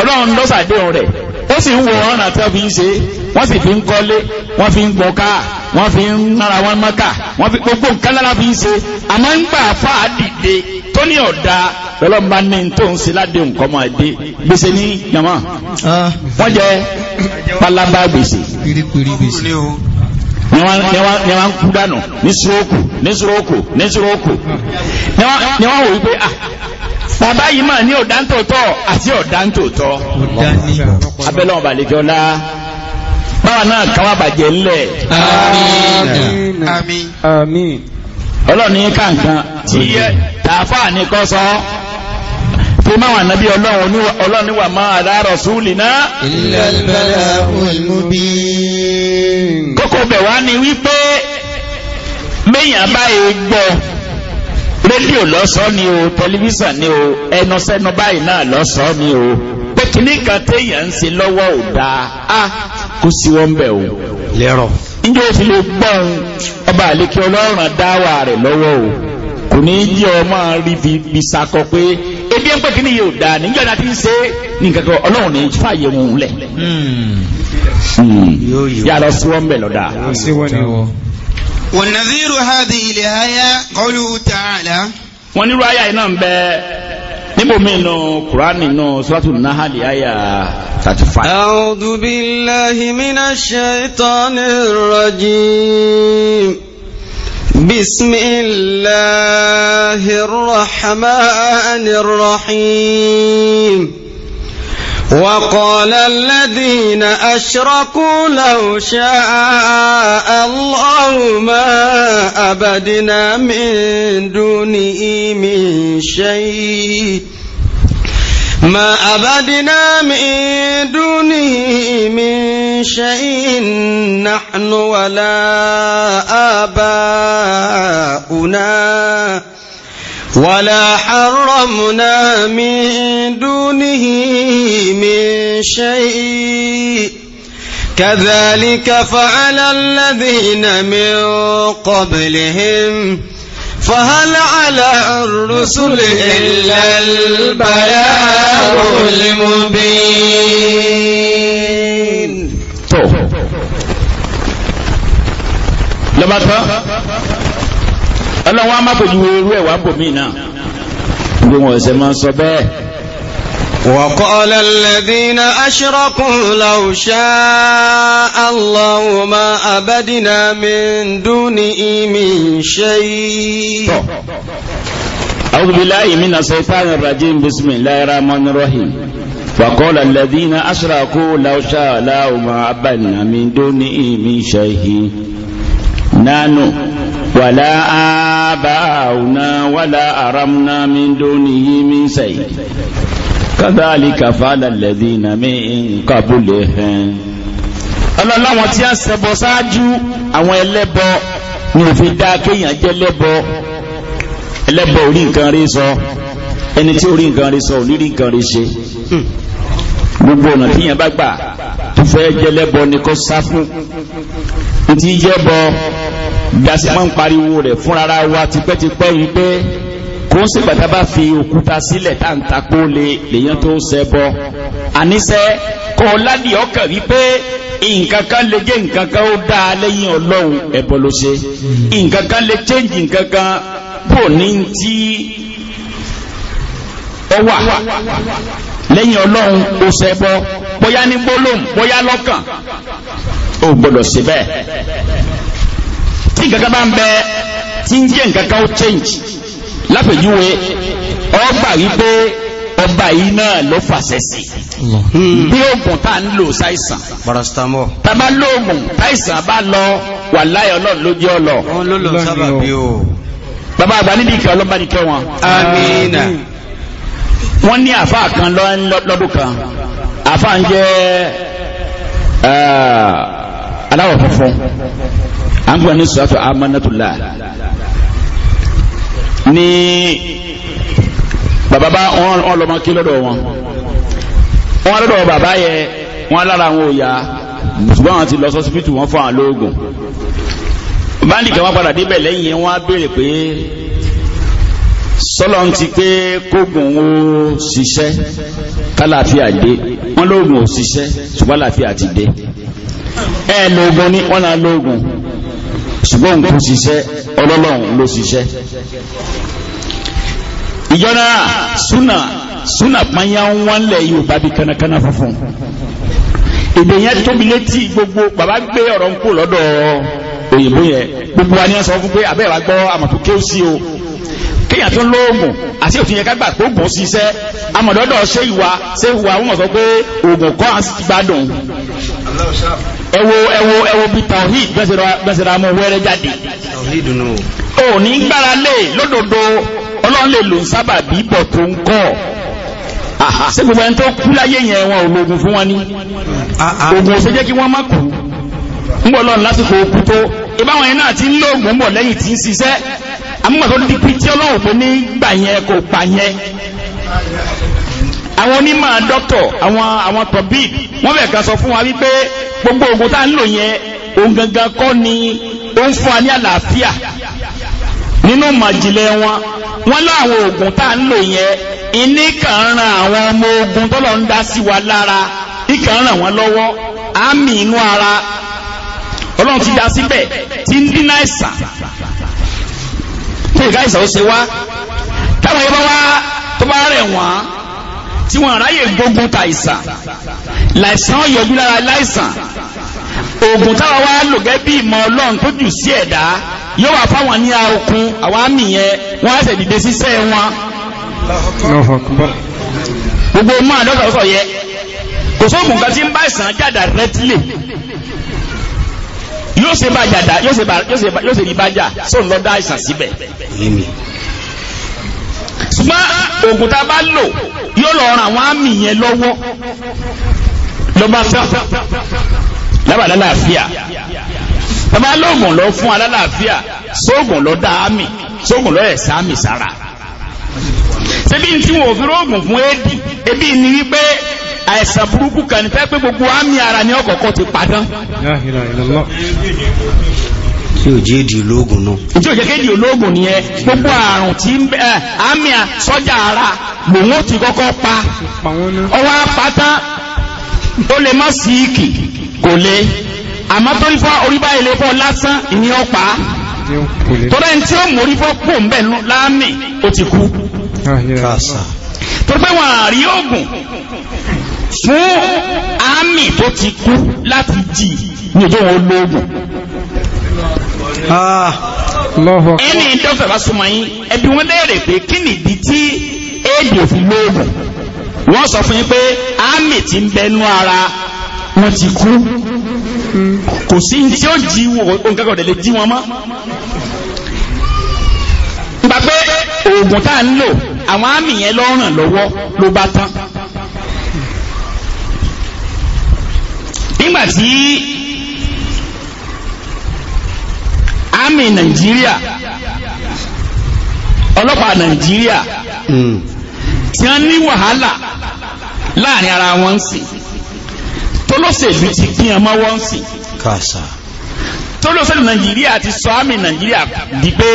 ọlọ́run ló sàdéhùn rẹ̀ ó sì ń wo ọ̀nà tí wọ́n fi ń ṣe wọ́n sì fi ń kọ́lé wọ́n fi ń gbọ́n káà wọ́n fi ń nára wọn mọ́kà wọ́n fi gbogbo nǹkan lára fi ń ṣe àmọ́ ń gbà fà á dìde tó ní ọ̀dà lọ́lọ́mọba ní tó ń ṣe ládé nǹkan máa dé gbèsè ah. ní jama wọ́n jẹ́ palaba gbèsè ni wọ́n kú dànù ní suroku ní suroku ní suroku ni wọ́n wò wípé ah bàbá yìí mà ní ọ̀dà ń tòótọ́ àti ọ̀dà ń tòótọ́ abẹ́lẹ́ ọ̀bàlẹ́jọ́lá báwa náà káwà bàjẹ́ ńlẹ̀ àmín àmín ọlọ́ni kàǹkan tí tààfà ní kọ́ sọ tí máa wà nábí ọlọ́ni wà máa àdárọ̀ súlì náà illal bala'ul mubin kókò bẹ̀wá ni wípé méyàn báyìí gbọ́ rédíò lọ́sọ́ ni o tẹlifíṣàn ni o ẹnusẹ́nu báyìí náà lọ́sọ́ ni o pé kíní kan téèyàn ń ṣe lọ́wọ́ ò dáa á kó sí wọn bẹ̀ o. lẹ́rọ̀. njẹ́ o fi lè gbọ́n ọba àlekí ọlọ́run dáwà rẹ̀ lọ́wọ́ o kò ní í jẹ́ ọmọ rí fi sakọ pé ebi ń pè kíní yìí dáa níjọ́ náà ti ń ṣe nǹkan kan ọlọ́run ní fààyè wọn lẹ̀. Hmm. yàrá sí wọn bẹ̀ lọ́dà. والنذير هذه الآية قوله تعالى ونرى آية نعم níbòmí inú kùránì inú suratul nahali àyà 35. a'udhu billahi minash shaitanir rajim bismillahir rahmanir rahim. وقال الذين أشركوا لو شاء الله ما أبدنا من دونه من شيء ما أبدنا من دونه من شيء نحن ولا آباؤنا ولا حرمنا من دونه من شيء كذلك فعل الذين من قبلهم فهل على الرسل إلا البلاغ المبين طيب. لما ọlọ́wọ́n á má fojú eérú ẹ̀ wá bòmí náà gbogbo wọn ṣe máa sọ bẹ́ẹ̀. وقال الذين أشركوا لو شاء الله ما أبدنا من دونه من شيء أعوذ بالله من الشيطان الرجيم بسم الله الرحمن الرحيم وقال الذين أشركوا لو شاء الله ما أبدنا من دونه من شيء nánú wàlá àbáàwùná wàlá àramná mi dóní yí mi sẹ́yìn kádàlíkà fàdà lẹ́dí na mi kàbúlẹ̀ hẹn ọlọ́láwọn tí a ṣẹbọ ṣáájú àwọn ẹlẹ́bọ ni òfin dá kéèyàn jẹ́ lẹ́bọ ẹlẹ́bọ orí nǹkan rí sọ ẹni tí orí nǹkan rí sọ onírí nǹkan rí ṣe gbogbo ọ̀nà tíyàn bá gbà tó fẹ́ jẹ́ lẹ́bọ ni kó sá fún ní ti bọ dasi máa ń pariwo rẹ̀ fúnra wa tipẹ́tipẹ́ yìí pé kò ń sèpàtà bá fi òkúta sílẹ̀ tá à ń takó lè lèyàn tó ṣẹbọ àníṣẹ́ kọ́ ládì ọkàn wípé nǹkan kan lè jẹ́ nǹkan kan ó dáa lẹ́yìn ọlọ́run ẹ̀bọ ló ṣe nǹkan kan change nǹkan kan bò ní ti ọ wà lẹ́yìn ọlọ́run ó ṣẹbọ bóyá ní gbólóhùn bóyá lọ́kàn ó gbọ́dọ̀ ṣe tí nǹkan kan bá ń bẹ tí ń jẹ́ nǹkan ó change lápèjúwe ọgbà wípé ọba yìí náà ló fàṣẹ sí bí oògùn tá à ń lò ṣàìsàn parastamọ tàbá lóògùn táìsàn bá lọ wà láyé ọlọ́run lójú ọlọ. wọn ló lọ sábà bí o. bàbá àgbà nídìí ìkẹ́ ọlọ́ba ní kẹ́ wọn. amiina. wọ́n ní àfa kan lọ́dún kan àfa ń jẹ́ eh, aláwọ̀ funfun à ń gbà ní sọ́tò amánátùlá ní bàbá bá wọn lọ́mọ kí lọ́dọ̀ wọn wọn lọ́dọ̀ bàbá yẹ wọn lára wọn ò yá ṣùgbọ́n àwọn ti lọ sọ́sibítù wọn fún àwọn lóògùn báńdì kan wọn padà débẹ̀ lẹ́yìn wọn á béèrè pé sọ́lọ́ ń ti pé kógùn ó ṣiṣẹ́ kálàáfíà dé wọ́n lóògùn ò ṣiṣẹ́ ṣùgbọ́n ti dé ẹ lóògùn ní wọ́n náà lóògùn ṣùgbọ́n kò ṣiṣẹ́ ọlọ́lọ́run ló ṣiṣẹ́ ìjọna súnà súnà pányá ń wọ́n lẹ̀ yóò bá bí kánakáná funfun èdè yẹn tóbi létí gbogbo bàbá gbé ọ̀rọ̀ ń kó lọ́dọ̀ òyìnbó yẹn gbogbo wa ni wọ́n sọ fún pé abẹ́ ìwà gbọ́ àmọ̀tò kéw sí o kéèyàn tó lóògùn àti òfin yẹn kágbà tó gùn ṣiṣẹ́ amọ̀dọ́dọ̀ ṣé ìwà ṣé ìwà wọ́n sọ pé oògùn kọ́ ẹwo ẹwo ẹwo bí tawhid bẹ́sẹ̀rẹ̀ amú wẹ́rẹ́ jáde ò ní gbára lè lódodo ọlọ́run lè lò ń sábà bí bọ̀ tó ń kọ́ ṣé gbogbo ẹni tó kú láyé yẹn wọn ò lògùn fún wọn ni ògùn ah, ah. òṣèjẹ kí wọn má kú ń bọ̀ lọ́run lásìkò okú tó ìbáwọn yẹn náà ti ń lóògùn ń bọ̀ lẹ́yìn tí ń ṣiṣẹ́ amúgbàtọ́ dídí pí tí ọlọ́run pé ní gbà yẹn kò pa yẹn àwọn onímọ̀ dọ́tọ̀ àwọn àwọn tọ̀bí wọ́n fẹ́ ká sọ fún wa wípé gbogbo oògùn tá ń lò yẹn òun gangan kọ́ ni ó ń fún ní àlàáfíà nínú màjìlẹ̀ wọn wọ́n láwọn oògùn tá ń lò yẹn iní ran àwọn ọmọ ogun tọ́lọ̀ ń dá sí wa lára ràn wọ́n ara ọlọ́run ti dá síbẹ̀ tí ń dínà ìka ó tí wọ́n ráyè gbógun ta ìsàn láìsàn yọjú lára láìsàn oògùn táwa wá lò gẹ́ bí ìmọ̀ ọlọ́run tó jù sí ẹ̀dá yóò wà fáwọn ní okun àwọn àmì yẹn wọ́n á sì dìde síṣẹ́ wọn. gbogbo máa dọ́kítà sọ yẹ kò sóògùn kan tí ń bá ìsàn jàdà rẹ́tílè yóò ṣe bá jàdà yóò ṣe bá jà sóòlọ́dá ìsàn síbẹ̀ ṣùgbọ́n oògùn tá a bá lò yóò lọ ran àwọn àmì yẹn lọ́wọ́ lọ́ba sá lábàá lálàáfíà bàbá lóògùn lọ fún alálàáfíà sóògùn lọ dá àmì sóògùn lọ ẹ̀ sáàmì sára ṣebí tí wọn ò fi róògùn fún éèdì ebi ni wípé àìsàn burúkú kan ní fẹ́ pé gbogbo àmì ara ni ọkọ̀ọ̀kọ̀ ti padán. yóò jẹ́ èdè ológun náà ìjọ jẹ́ ológun ni ẹ gbogbo àrùn tí sọ́jà ara ti kọ́kọ́ pa ọwọ́ apáta ó lè má sí ìkì kò lè àmọ́ tó rí fọ́ orí báyìí fọ́ lásán ìní ọ̀pá tọ́lá ẹni tí ó mórí fọ́ pò ń bẹ̀ láàmì ó ti kú tó ti kú láti jì ní wọn Ah. ẹni dọ́fẹ̀ bá súnmọ́ yín ẹbí wọ́n léèrè pé kí nìdí tí éèdì òfin lóògùn wọ́n sọ fún yín pé ámì tí ń bẹnu ara wọ́n ti kú kò sí tí ó jí òǹkẹ́kọ̀ọ́ tẹ̀lé jí wọn mọ́ nígbà pé oògùn tá à ń lò àwọn ámì yẹn ló ràn lọ́wọ́ ló bá tán nígbà tí àmì nàìjíríà ọlọ́pàá nàìjíríà hmm. tí wọ́n ní wàhálà láàrin ara wọn sí tólóṣèlú ti pín ọmọ wọn sí kàṣà tólóṣèlú nàìjíríà ti sọ àmì nàìjíríà di pé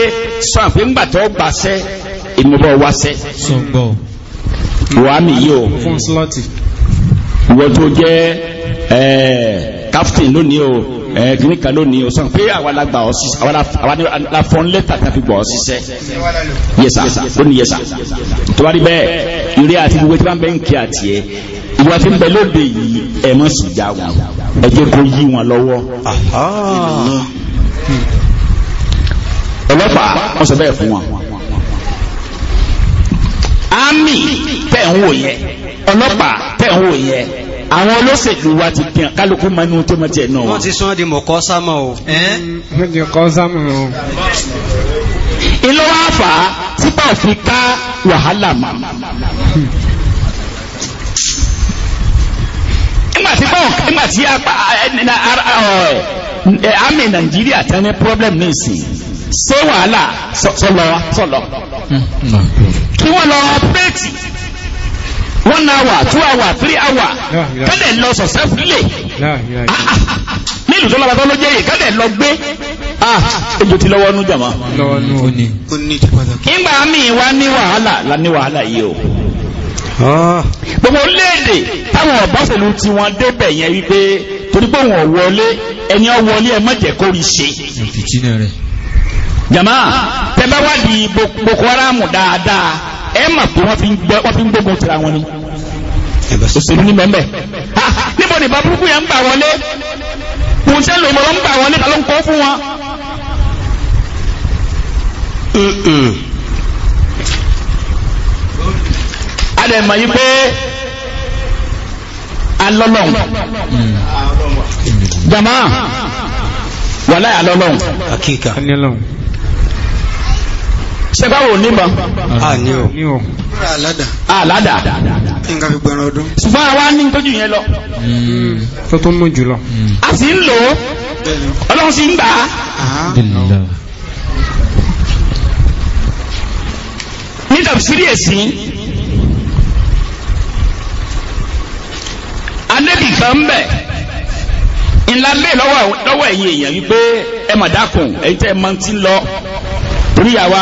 sọ àpé ńgbà tó gbàṣẹ ìmúbọ wáṣẹ wàá mi yìí o ìwọ tó jẹ ẹ káfíńtì lónìí o ẹ̀ kìíní kan lónìí o sọ pé àwa la gbà ọ sísẹ àwa la a fi gbà ọ sísẹ yẹsà lónìí yẹsà tọ́wárí bẹ́ẹ̀ ìrẹ́ àti gbogbo tí wọ́n bẹ́ ń kí àti ẹ̀ ìwà tí ń bẹ lóde yìí ẹ̀ mọ̀ sí ìjà wọn ẹ jẹ́ kó yí wọn lọ́wọ́ ọlọ́pàá wọ́n sọ bẹ́ẹ̀ fún wọn àmì tẹ̀ ń wò ọlọ́pàá tẹ̀ ń wò àwọn olóṣèlú wa ti dìn kálukú mọ inú tó mọ tiẹ̀ náà. wọ́n ti sọ́n di mọ̀kọ́ sámọ̀ o. mọ̀kọ́ sámọ̀ o. ilé wa fà á tí bá fi ká wàhálà mọ́. nígbà tí bọ́ọ̀ nígbà tí àmì nàìjíríà tẹ́ ní pọ́blẹ́mù ní ìsìn ṣé wàhálà sọlọ sọlọ hmm, kí wọ́n lọ pẹ́ẹ̀tì one hour two hour three hour kẹ́lẹ̀ lọ sọ̀sẹ́ fúlẹ̀ ah, ah, ah. nílùú tó lọ́wọ́ tó ló jẹ́ yìí kẹ́lẹ̀ lọ gbé ejò ti lọ́wọ́ nú jàmá. ìgbà mi wá ní wàhálà la ní wàhálà yìí o. gbogbo léèdè táwọn ọ̀básẹ̀lú tí wọ́n débẹ̀ yẹn wípé torí pé wọ́n wọlé ẹni ọ wọlé ẹ má jẹ́ kó rí ṣe. jàmá tẹ bá wá di Boko Haram dáadáa ẹ mà pé wọ́n fi ń gbógun tira wọn ni òṣèlú ní mẹ́mẹ́ níbo ni bá burúkú yẹn ń bà wọlé òun tẹ́ lòun ló ń bà wọlé ta ló ń kọ́ fún wọn. a lè mọ̀ yí pé alọ́lọ́hun jama wàláyà alọ́lọ́hun. akíkà sẹ́gbàwò níbà àládà ṣùgbọ́n àwa ní tójú yẹn lọ hmm, tó tó mú jùlọ hmm. a sì ń lò ọlọ́run sí ń gbà ah. ní tàbísírí èsì anẹ́bì kan ń bẹ̀ ńlá lé lọ́wọ́ ẹ̀yìn èèyàn wípé ẹ ẹ̀yìn tẹ́ ẹ máa ti lọ torí àwa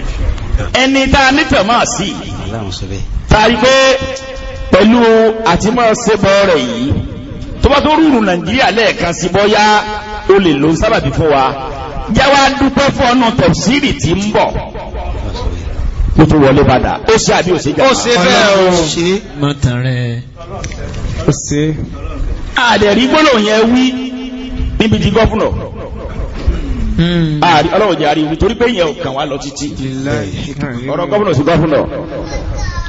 ẹni tá a nítàn máa sí tàbí pé pẹ̀lú àtìmọ́sẹ́bọ̀ rẹ̀ yìí tó bá tó rúrù nàìjíríà lẹ́ẹ̀kan sí bọ́yá ó lè lo sábàbí fún wa jáwá dúpẹ́ fún ọ̀nà tẹ̀síìrì tí ń bọ̀ ó tó wọlé padà ó ṣe àbí òṣè jàmbá ó ṣe bẹ́ẹ̀ o ṣe mọ́tàn rẹ̀ ó ṣe àdẹ̀rí gbọ́dọ̀ yẹn wí níbi ti gọ́fúnà ààrí hmm. ah, ọlọ́run jẹ́ àrí nítorí pé èèyàn kàn wá lọ títí ọ̀rọ̀ gọ́fúnà sí gọ́fúnà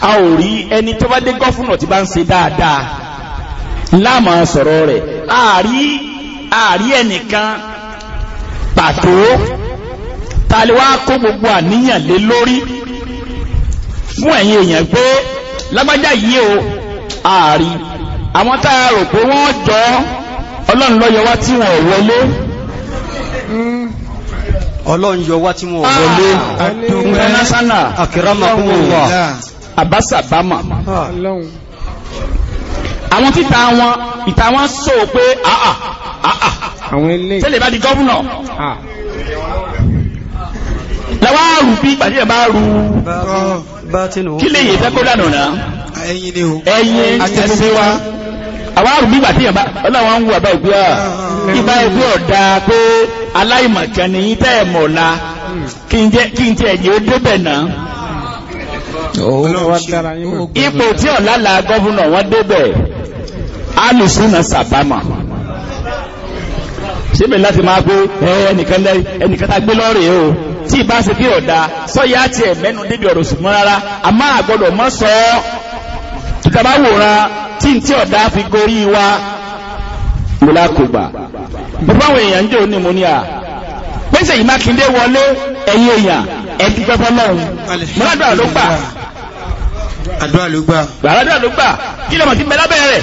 a ò rí ẹni tó bá dé gọ́fúnà tí bá ń ṣe dáadáa láàmà sọ̀rọ̀ rẹ̀ ààrí ààrí ẹnìkan pàtó taliwa kó gbogbo àníyàn lé lórí fún ẹ̀yin èèyàn pé lágbájá yìí o ààrí àwọn tá a rò pé wọ́n jọ ọlọ́run ló wá tí wọ́n wọlé ọlọ́run yọ wá tí wọ́n wọlé international akiramakunwa abasabama àwọn títa wọn ìta wọn sọ pé àà ah, ah, ah, àà tẹ́lẹ̀ bá di gọ́vùnà lọ́wọ́ rú bí ìpàdé ẹ̀ bá rú kí lè yẹ fẹ́ kó dànù náà ẹ̀yìn ẹ̀sẹ̀ àwọn àrùn nígbà tí ọlọ́wọ́n ń wù àbá ìgbé à ìbá ìgbé ọ̀dá pé aláìmọ̀kan ni yí tẹ́ ẹ̀ mọ̀ la kí n tí ẹ̀jẹ̀ ó débẹ̀ náà ipò tí ọ̀làlà gọ́vùnà wọn débẹ̀ alùsùnà sàbámà síbẹ̀ láti máa pé ẹnìkan lẹ́yìn ẹnìkan tá gbé lọ́rẹ̀ẹ́ o tí ìbá ṣe kí ọ̀dá sọ́yà tiẹ̀ mẹ́nu débi ọ̀rọ̀ ṣùgbọ́n rárá àmọ́ àgbọ̀dọ̀ mọ́ sọ ọ́ títàbá wòran tí n tí ọ̀dá fi gorí wa mọ́lákùgbà bí fáwọn èèyàn jẹ́ òní mo ní à pèsè yìí mákindé wọlé ẹ̀yìn èèyàn ẹ̀dí pẹ́pẹ́ lọ́run mọ́ládùá ló àdúrà ló gbà àdúrà ló gbà kí lọ́mọ ti bẹ́lá bẹ́rẹ̀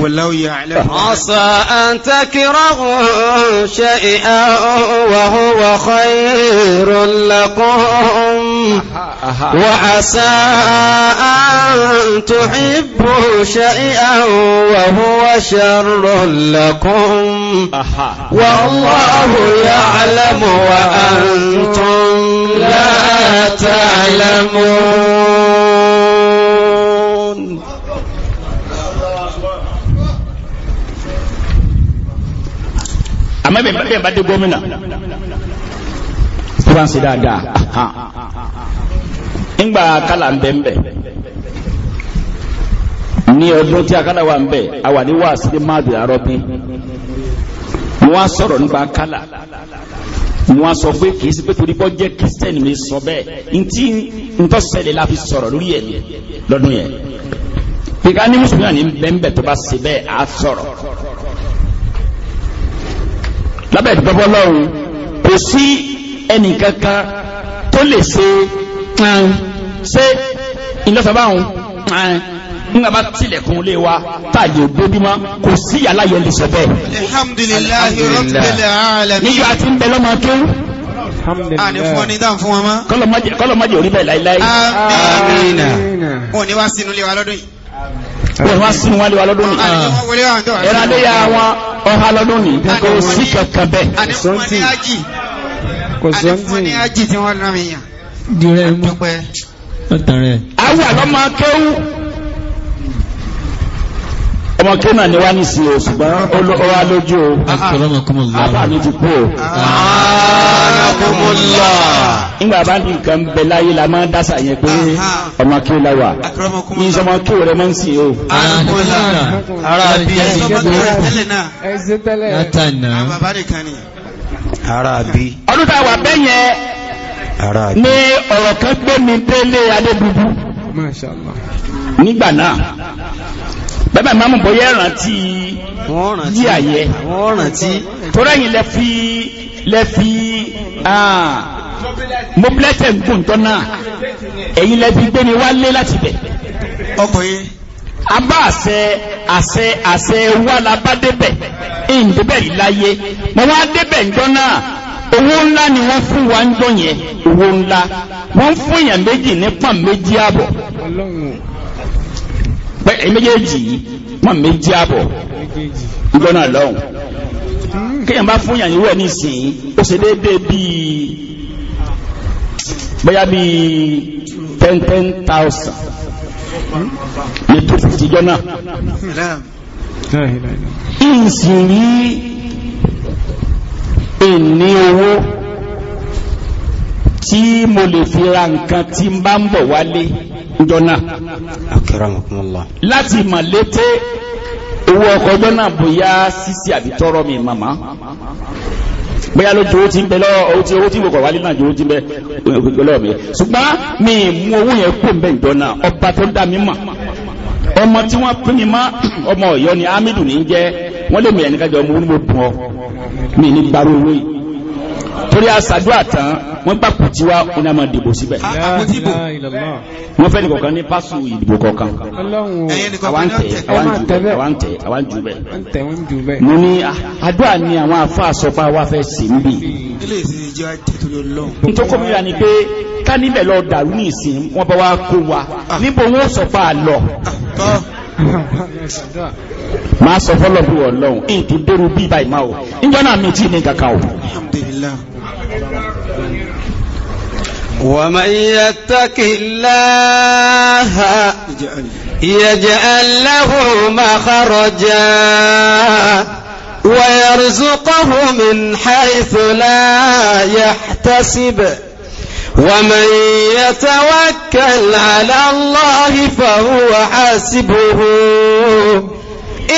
والله يعلم عسى أن تكرهوا شيئا وهو خير لكم وعسى أن تحبوا شيئا وهو شر لكم والله يعلم وأنتم لا تعلمون أما ìbẹ̀ بعد dé gómìnà tó ńgbà kálà ń bẹ ń bẹ ní ọdún tí akálà wà ń bẹ a wà ní wàásù ní máàdì àrọ́bí wọ́n á sọ̀rọ̀ nípa kálà wọ́n á sọ pé kì sí pé torí bọ́ jẹ́ kírísítẹ́nì mi sọ bẹ́ẹ̀ ntí ntọ́sẹ̀lẹ̀ la fi sọ̀rọ̀ lórí ẹ̀ lọ́dún yẹn pika ní mùsùlùmí àní bẹ́ẹ̀ tó bá ṣe bẹ́ẹ̀ á sọ̀rọ̀ lábẹ́ ìdúpọ́pọ́ lọ́rùn kò sí ẹnìkankan tó lè ṣe kan ṣé ìlọ́sọ̀báhùn nígbà bá tilẹ̀kùn lé wa táàyè gbójúmọ́ kò sí aláyọ̀ lè sọ bẹ́ẹ̀. alhamdulillahi rabbil alamin. níjọ́ àti ń bẹ lọ́mọ tó. kọ́lọ́mọ́jì orí bẹ́ẹ̀ láíláí. amina. wọn ni wá sínú lé wa lọ́dún yìí. wọn wá sínú wá lé wa lọ́dún yìí. ẹ̀rọ adé ya wọn ọha lọ́dún yìí kò sí kankan bẹ́ẹ̀. àní fún ní ájì tí wọ́n rán mi yàn. dìrẹ́ mú awà lọ́mọ akéwú ọmọ kéwú náà ni wá ní sí o ṣùgbọ́n olówó alójú o àbáni ti kú o nígbà bá ní nǹkan bẹ láyé la máa dásà yẹn pé ọmọ kéwú la wà ní ìṣọmọ kéwú rẹ máa ń sìn o. ara bí ẹ ṣe náà ara bí. ọdún tá a wà bẹ́yẹn ní ọ̀rọ̀ kan gbé mi délé adébúbú nígbà náà bàbá ìmáàmù bóyá ìrántí yí àyẹ tórẹ́yìn lẹ fi lẹ fi mobilẹ́tẹ̀ ń gùn tán náà ẹ̀yìn lẹ fi gbé mi wálé láti bẹ̀. ọkùnrin a bá àṣẹ àṣẹ àṣẹ wà lábá débẹ̀ ń débẹ̀ láyé mo wá débẹ̀ ń tán náà owó ńlá ni wọ́n fún wa ń jọ yẹn owó ńlá wọ́n fún èèyàn méjì ní pọ̀n méjì àbọ̀ pé méjèèjì pọ̀n méjì àbọ̀ ìgbọ́nà lọ́hùn kéèyàn bá fún èèyàn ní nísìnyí ó ṣe déédéé bíi bóyá bíi ten ten thousand ní two fifty jọ náà ìsìn yìí. ìní owó tí mo lè fi ra nǹkan tí ń bá ń bọ̀ wálé jọ́nà láti mọ̀ lété owó ọkọ̀ jọ́nà bóyá sísí àbí tọ́rọ mi màmá bóyá ló tí ń bẹ lọ́wọ́ owó tí wálé náà tí ń bẹ lọ́wọ́ mi ṣùgbọ́n mi mú owó yẹn kó ọba tó dá mi ọmọ tí mi wọ́n lè mìíràn nìkan jọ mo bùn ọ mi ní gbarú owó yìí torí aṣàdúrà tán wọ́n gbà kù tiwa wọ́n náà máa dìbò síbẹ̀. wọ́n fẹ́ nìkan kan ní pásù ìdìbò kọ̀ọ̀kan àwọn tẹ̀ àwọn jùbẹ̀ àwọn tẹ̀ àwọn jùbẹ̀. mo ní ah, àdúrà ni àwọn afọ àsọpá wa fẹ́ sí ń bì. nítorí kó mi rà ni pé ká níbẹ̀ lọ dàrú ní ìsìn wọ́n bá wa kó wa ah. níbo wọn sọ pa àlọ́. máa sọ fọ́lọ̀ bí wọ́n lọ́hùn ní ti dérú bí ibà ìmá o níjọ́ náà mi tí ní kàkà o. ومن يتق الله يجعل له مخرجا ويرزقه من حيث لا يحتسب ومن يتوكل على الله فهو حاسبه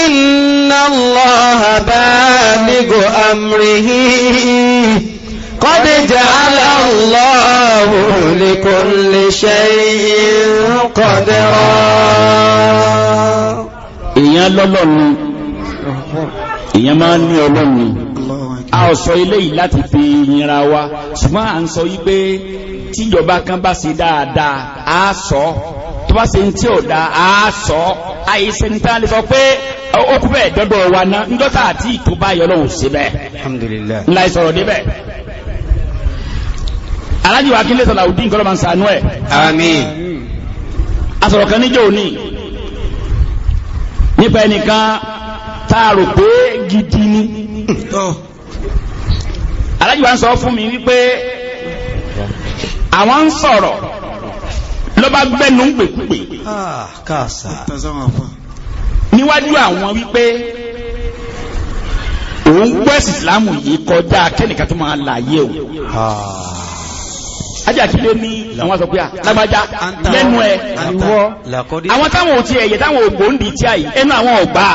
إن الله بالغ أمره قد جعل الله لكل شيء قدرا إيان لولوني إيان ما أني a ò sọ eléyìí láti fi yinra wa ṣùgbọ́n à ń sọ yí pé tíjọba kan bá ṣe dáadáa a sọ tó bá ṣe ń tí ò da a sọ àìsè ní tán lè sọ pé ó kú bẹ́ẹ̀ dọ́dọ̀ wa ná ńdọ́ta àti ìtúbá yọlọ́hùn sí bẹ́ẹ̀ alhamdulillah ńlá ìsọ̀rọ̀ débẹ̀ alájì wa kí sọ̀rọ̀ àwùdí nǹkan ló máa ń sànú ẹ̀ àmín asọ̀rọ̀ kan níjọ́ òní nípa ẹnìkan tá a rò pé gidi ni alájì wa ń sọ fún mi wípé àwọn ń sọ̀rọ̀ ló bá gbẹ́nu gbèkúgbè ah, níwájú àwọn wípé òun gbọ́ ẹ̀sìn ìsìlámù yìí kọjá kẹ́nìkan tó máa láàyè o ah. ajakile ní àwọn sọ pé à ah, lágbájá lẹ́nu ẹ àwọn táwọn òtí ẹ̀yẹ táwọn ògbóǹdì tí àyí ẹnu àwọn ọ̀gbà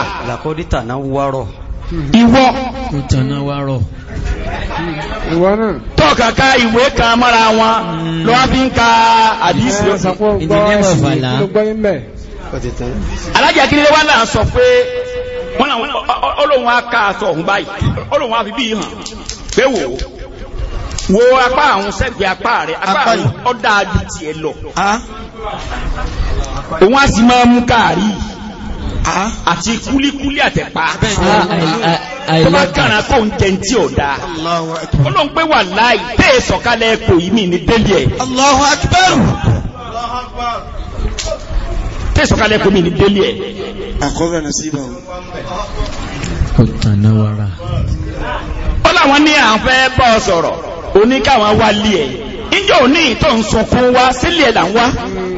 ìwọ tọ́ọ̀kà ka ìwé ka mara wọn fi ka àdísì alájà náà sọ pé aka àtọ̀ ọ̀hún báyìí afi bí hàn pé wò wo apá àwọn sẹ́gbẹ̀ẹ́ apá rẹ̀ apá ọ̀dà àdìtì ẹ̀ lọ ah. òun á sì máa Ah, ah. àti kúlíkúlí àtẹ̀pá ah, tọ́bá kàrà kó ń jẹ tí ò dáa ó ló ń pé wà láì tẹ́ sọ̀kalẹ̀ ẹ̀kọ́ yìí ní ní délé ẹ̀ tẹ́ sọ̀kalẹ̀ ẹ̀kọ́ mi ní délé ẹ̀ ó láwọn ní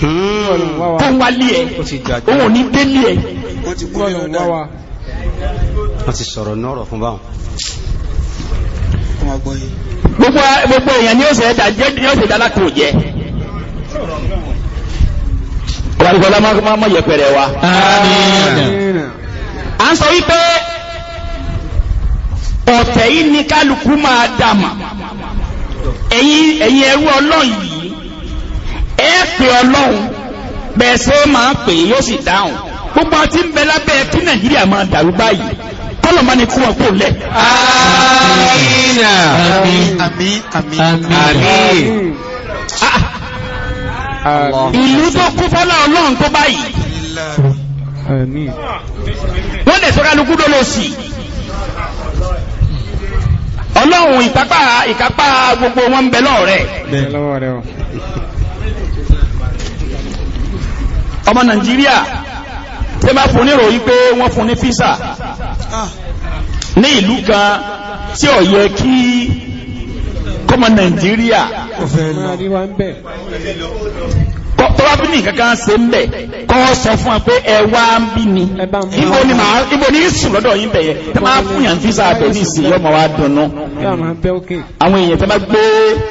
kó mm. ń wálé ẹ̀ òun ò ní délé ẹ̀ wọ́n ti sọ̀rọ̀ nọ́rọ̀ fún báwọn gbogbo èèyàn ni ó sì ẹ̀dà jẹ́ ni ó sì dára tó jẹ́ wàlúkọ́lá máa mọ̀ yẹpẹrẹ wa a ń sọ wípé ọ̀tẹ̀ yìí ni kálukú máa dàmà ẹ̀yin ẹ̀rú ọlọ́yìn ẹ pè ọlọ́run bẹ́ẹ̀ ṣe máa pè yóò sì dáhùn gbogbo àti ń bẹ lábẹ́ kí nàìjíríà máa dàrú báyìí kọ́lọ̀ máa ní kú wọn kò lẹ̀. àmínà àmín àmín àmín. ìlú tó kú fọ́lá ọlọ́run tó báyìí. wọ́n dẹ̀ sọ́ra lukú dọ́lọ́ sí i ọlọ́run ìkápá ìkápá gbogbo wọn ń bẹ lọ́rẹ̀ ọmọ nàìjíríà tí ma fún nírò pé wọ́n fún ní físà ní ìlú kan tí ó yẹ kí kọmọ nàìjíríà tó bá bí ní kankan ń bẹ̀ kọ́ sọ fún ẹ pé ẹ wá ń bí ni ibo lọ́dọ̀ yín yẹ fún yàn físà wa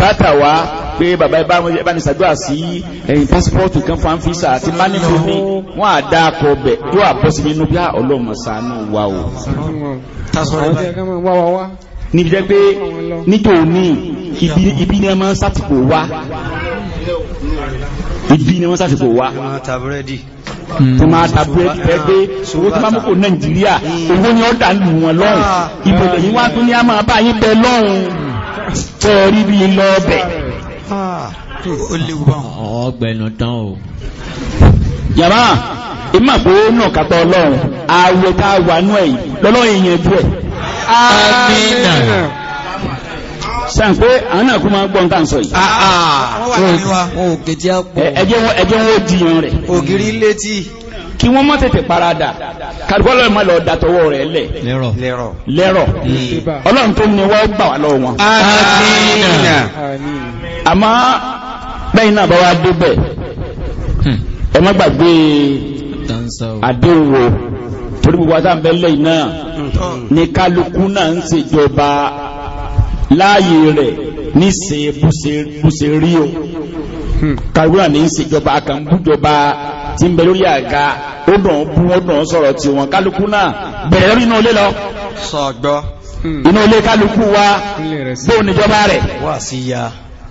bùkátà wá pé bàbá ìbánisàdúrà sí ẹ̀yìn pásípọ́ọ̀tù kan fún àǹfíìsà àti mánífù ní wọ́n á dá akọ bẹ̀ yóò àbọ́sí nínú bí ah, ọlọ́run ṣàánú wa o. níbi jẹ́ pé nítòní ibi ni wọ́n sátìkò wá ibi ni wọ́n sátìkò wá tó máa tàbí ẹgbẹ́ owó tó máa mọ́kò nàìjíríà owó ni ó dà lù wọn lọ́rùn ìbòlẹ̀ yìí wá tún ní a máa bá yín bẹ lọ́rùn tẹ́ rí bí lọ́ọ̀bẹ̀ ọgbẹ̀nù tán o yàmá ìmọ̀ pé ó nà kàtà ọlọ́run ààwẹ̀ tá a wà nú ẹ̀yìn lọ́lọ́run èèyàn bú ẹ̀ amínà sàn àwọn náà kú máa gbọ́n ń sọ yìí. Ah, ah. wà wa. kí wọ́n mọ́ tètè parada kàdùkọ́lọ́ ìmọ̀ lọ dàtọwọ́ rẹ̀ lẹ̀ lẹ́rọ̀ hmm. ọlọ́run tó ní wọ́n gbà wá lọ́wọ́ wọn. àmín àmọ́ bẹ́yìn náà bá wá débẹ̀ hmm. ẹ má gbàgbé àdéhùn torí gbogbo àtàǹbẹ̀lẹ̀ náà hmm. ní kálukú náà ń ṣèjọba láàyè rẹ̀ níṣe bùṣe rí o kálukú ní ń ṣèjọba àkàǹbùjọba tí ń bẹ lórí àga ó dùn bú ó dùn sọ̀rọ̀ tí wọn kálukú náà bẹ̀rẹ̀ lórí inú ilé lọ. sọgbọ. Hmm. inú ilé kálukú wa bó níjọba rẹ̀. wà sí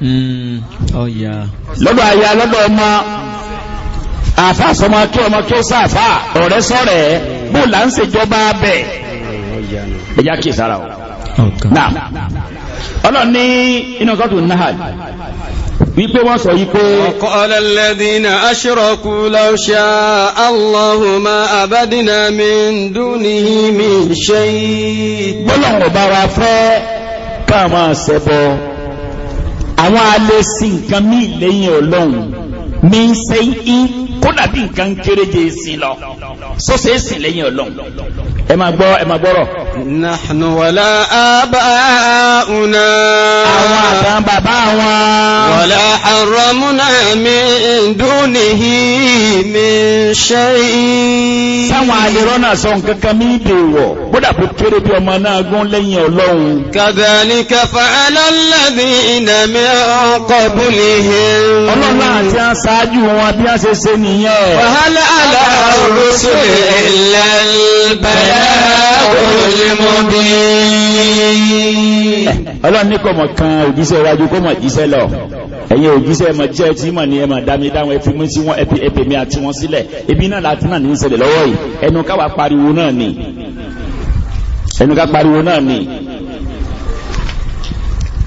hmm, ya. lọ́dọ̀ aya lọ́dọ̀ ọmọ àfa sọmọ kí ọmọ kí ó sáfà ọ̀rẹ́ sọ̀rẹ́ bó là ń ṣèjọba bẹ̀. ẹ já sára o. náà ọlọ́run ní inú sọ́tù nahal wípé wọ́n sọ wípé وقال الذين أشركوا لو شاء الله ما عبدنا من دونه من شيء gbọ́lọ̀rọ̀ bá wa fẹ́ ká máa ṣẹbọ àwọn alẹ́ sí nǹkan mí lẹ́yìn ọlọ́run mi ń sẹ́yìn kódà nǹkan kéréje sí lọ sọ́sẹ́ lẹ́yìn ọlọ́run ẹ máa gbọ́ ẹ máa gbọ́rọ̀. nahnu wala aba'una. àwọn àtàn bàbá wọn. wala harramna min dunihi min shay'in. sáwọn àlèrọ náà sọ nǹkan kan mí dèwọ̀ bódà bó kéré bí ọmọ náà gún lẹ́yìn ọlọ́run. kadhalika fa'ala alladhina min qablihim. ọlọ́run àti aṣáájú wọn bí a ṣe ṣe nìyẹn. wàhálà ala rusuli illa al-bayan ọlọ́run ní kò kan òjíṣẹ́ iwájú kò mọ̀ jíṣẹ́ lọ ẹ̀yin òjíṣẹ́ ẹmọ jẹ́ tí mọ̀ ní ẹmọ dámi dáwọn ẹfi mú sí wọn ẹfi ẹpè mi àti wọn sílẹ̀ ebi náà láti náà ní ìṣẹ̀lẹ̀ lọ́wọ́ yìí ẹnu káwa pariwo náà ni ẹnu ká pariwo náà ni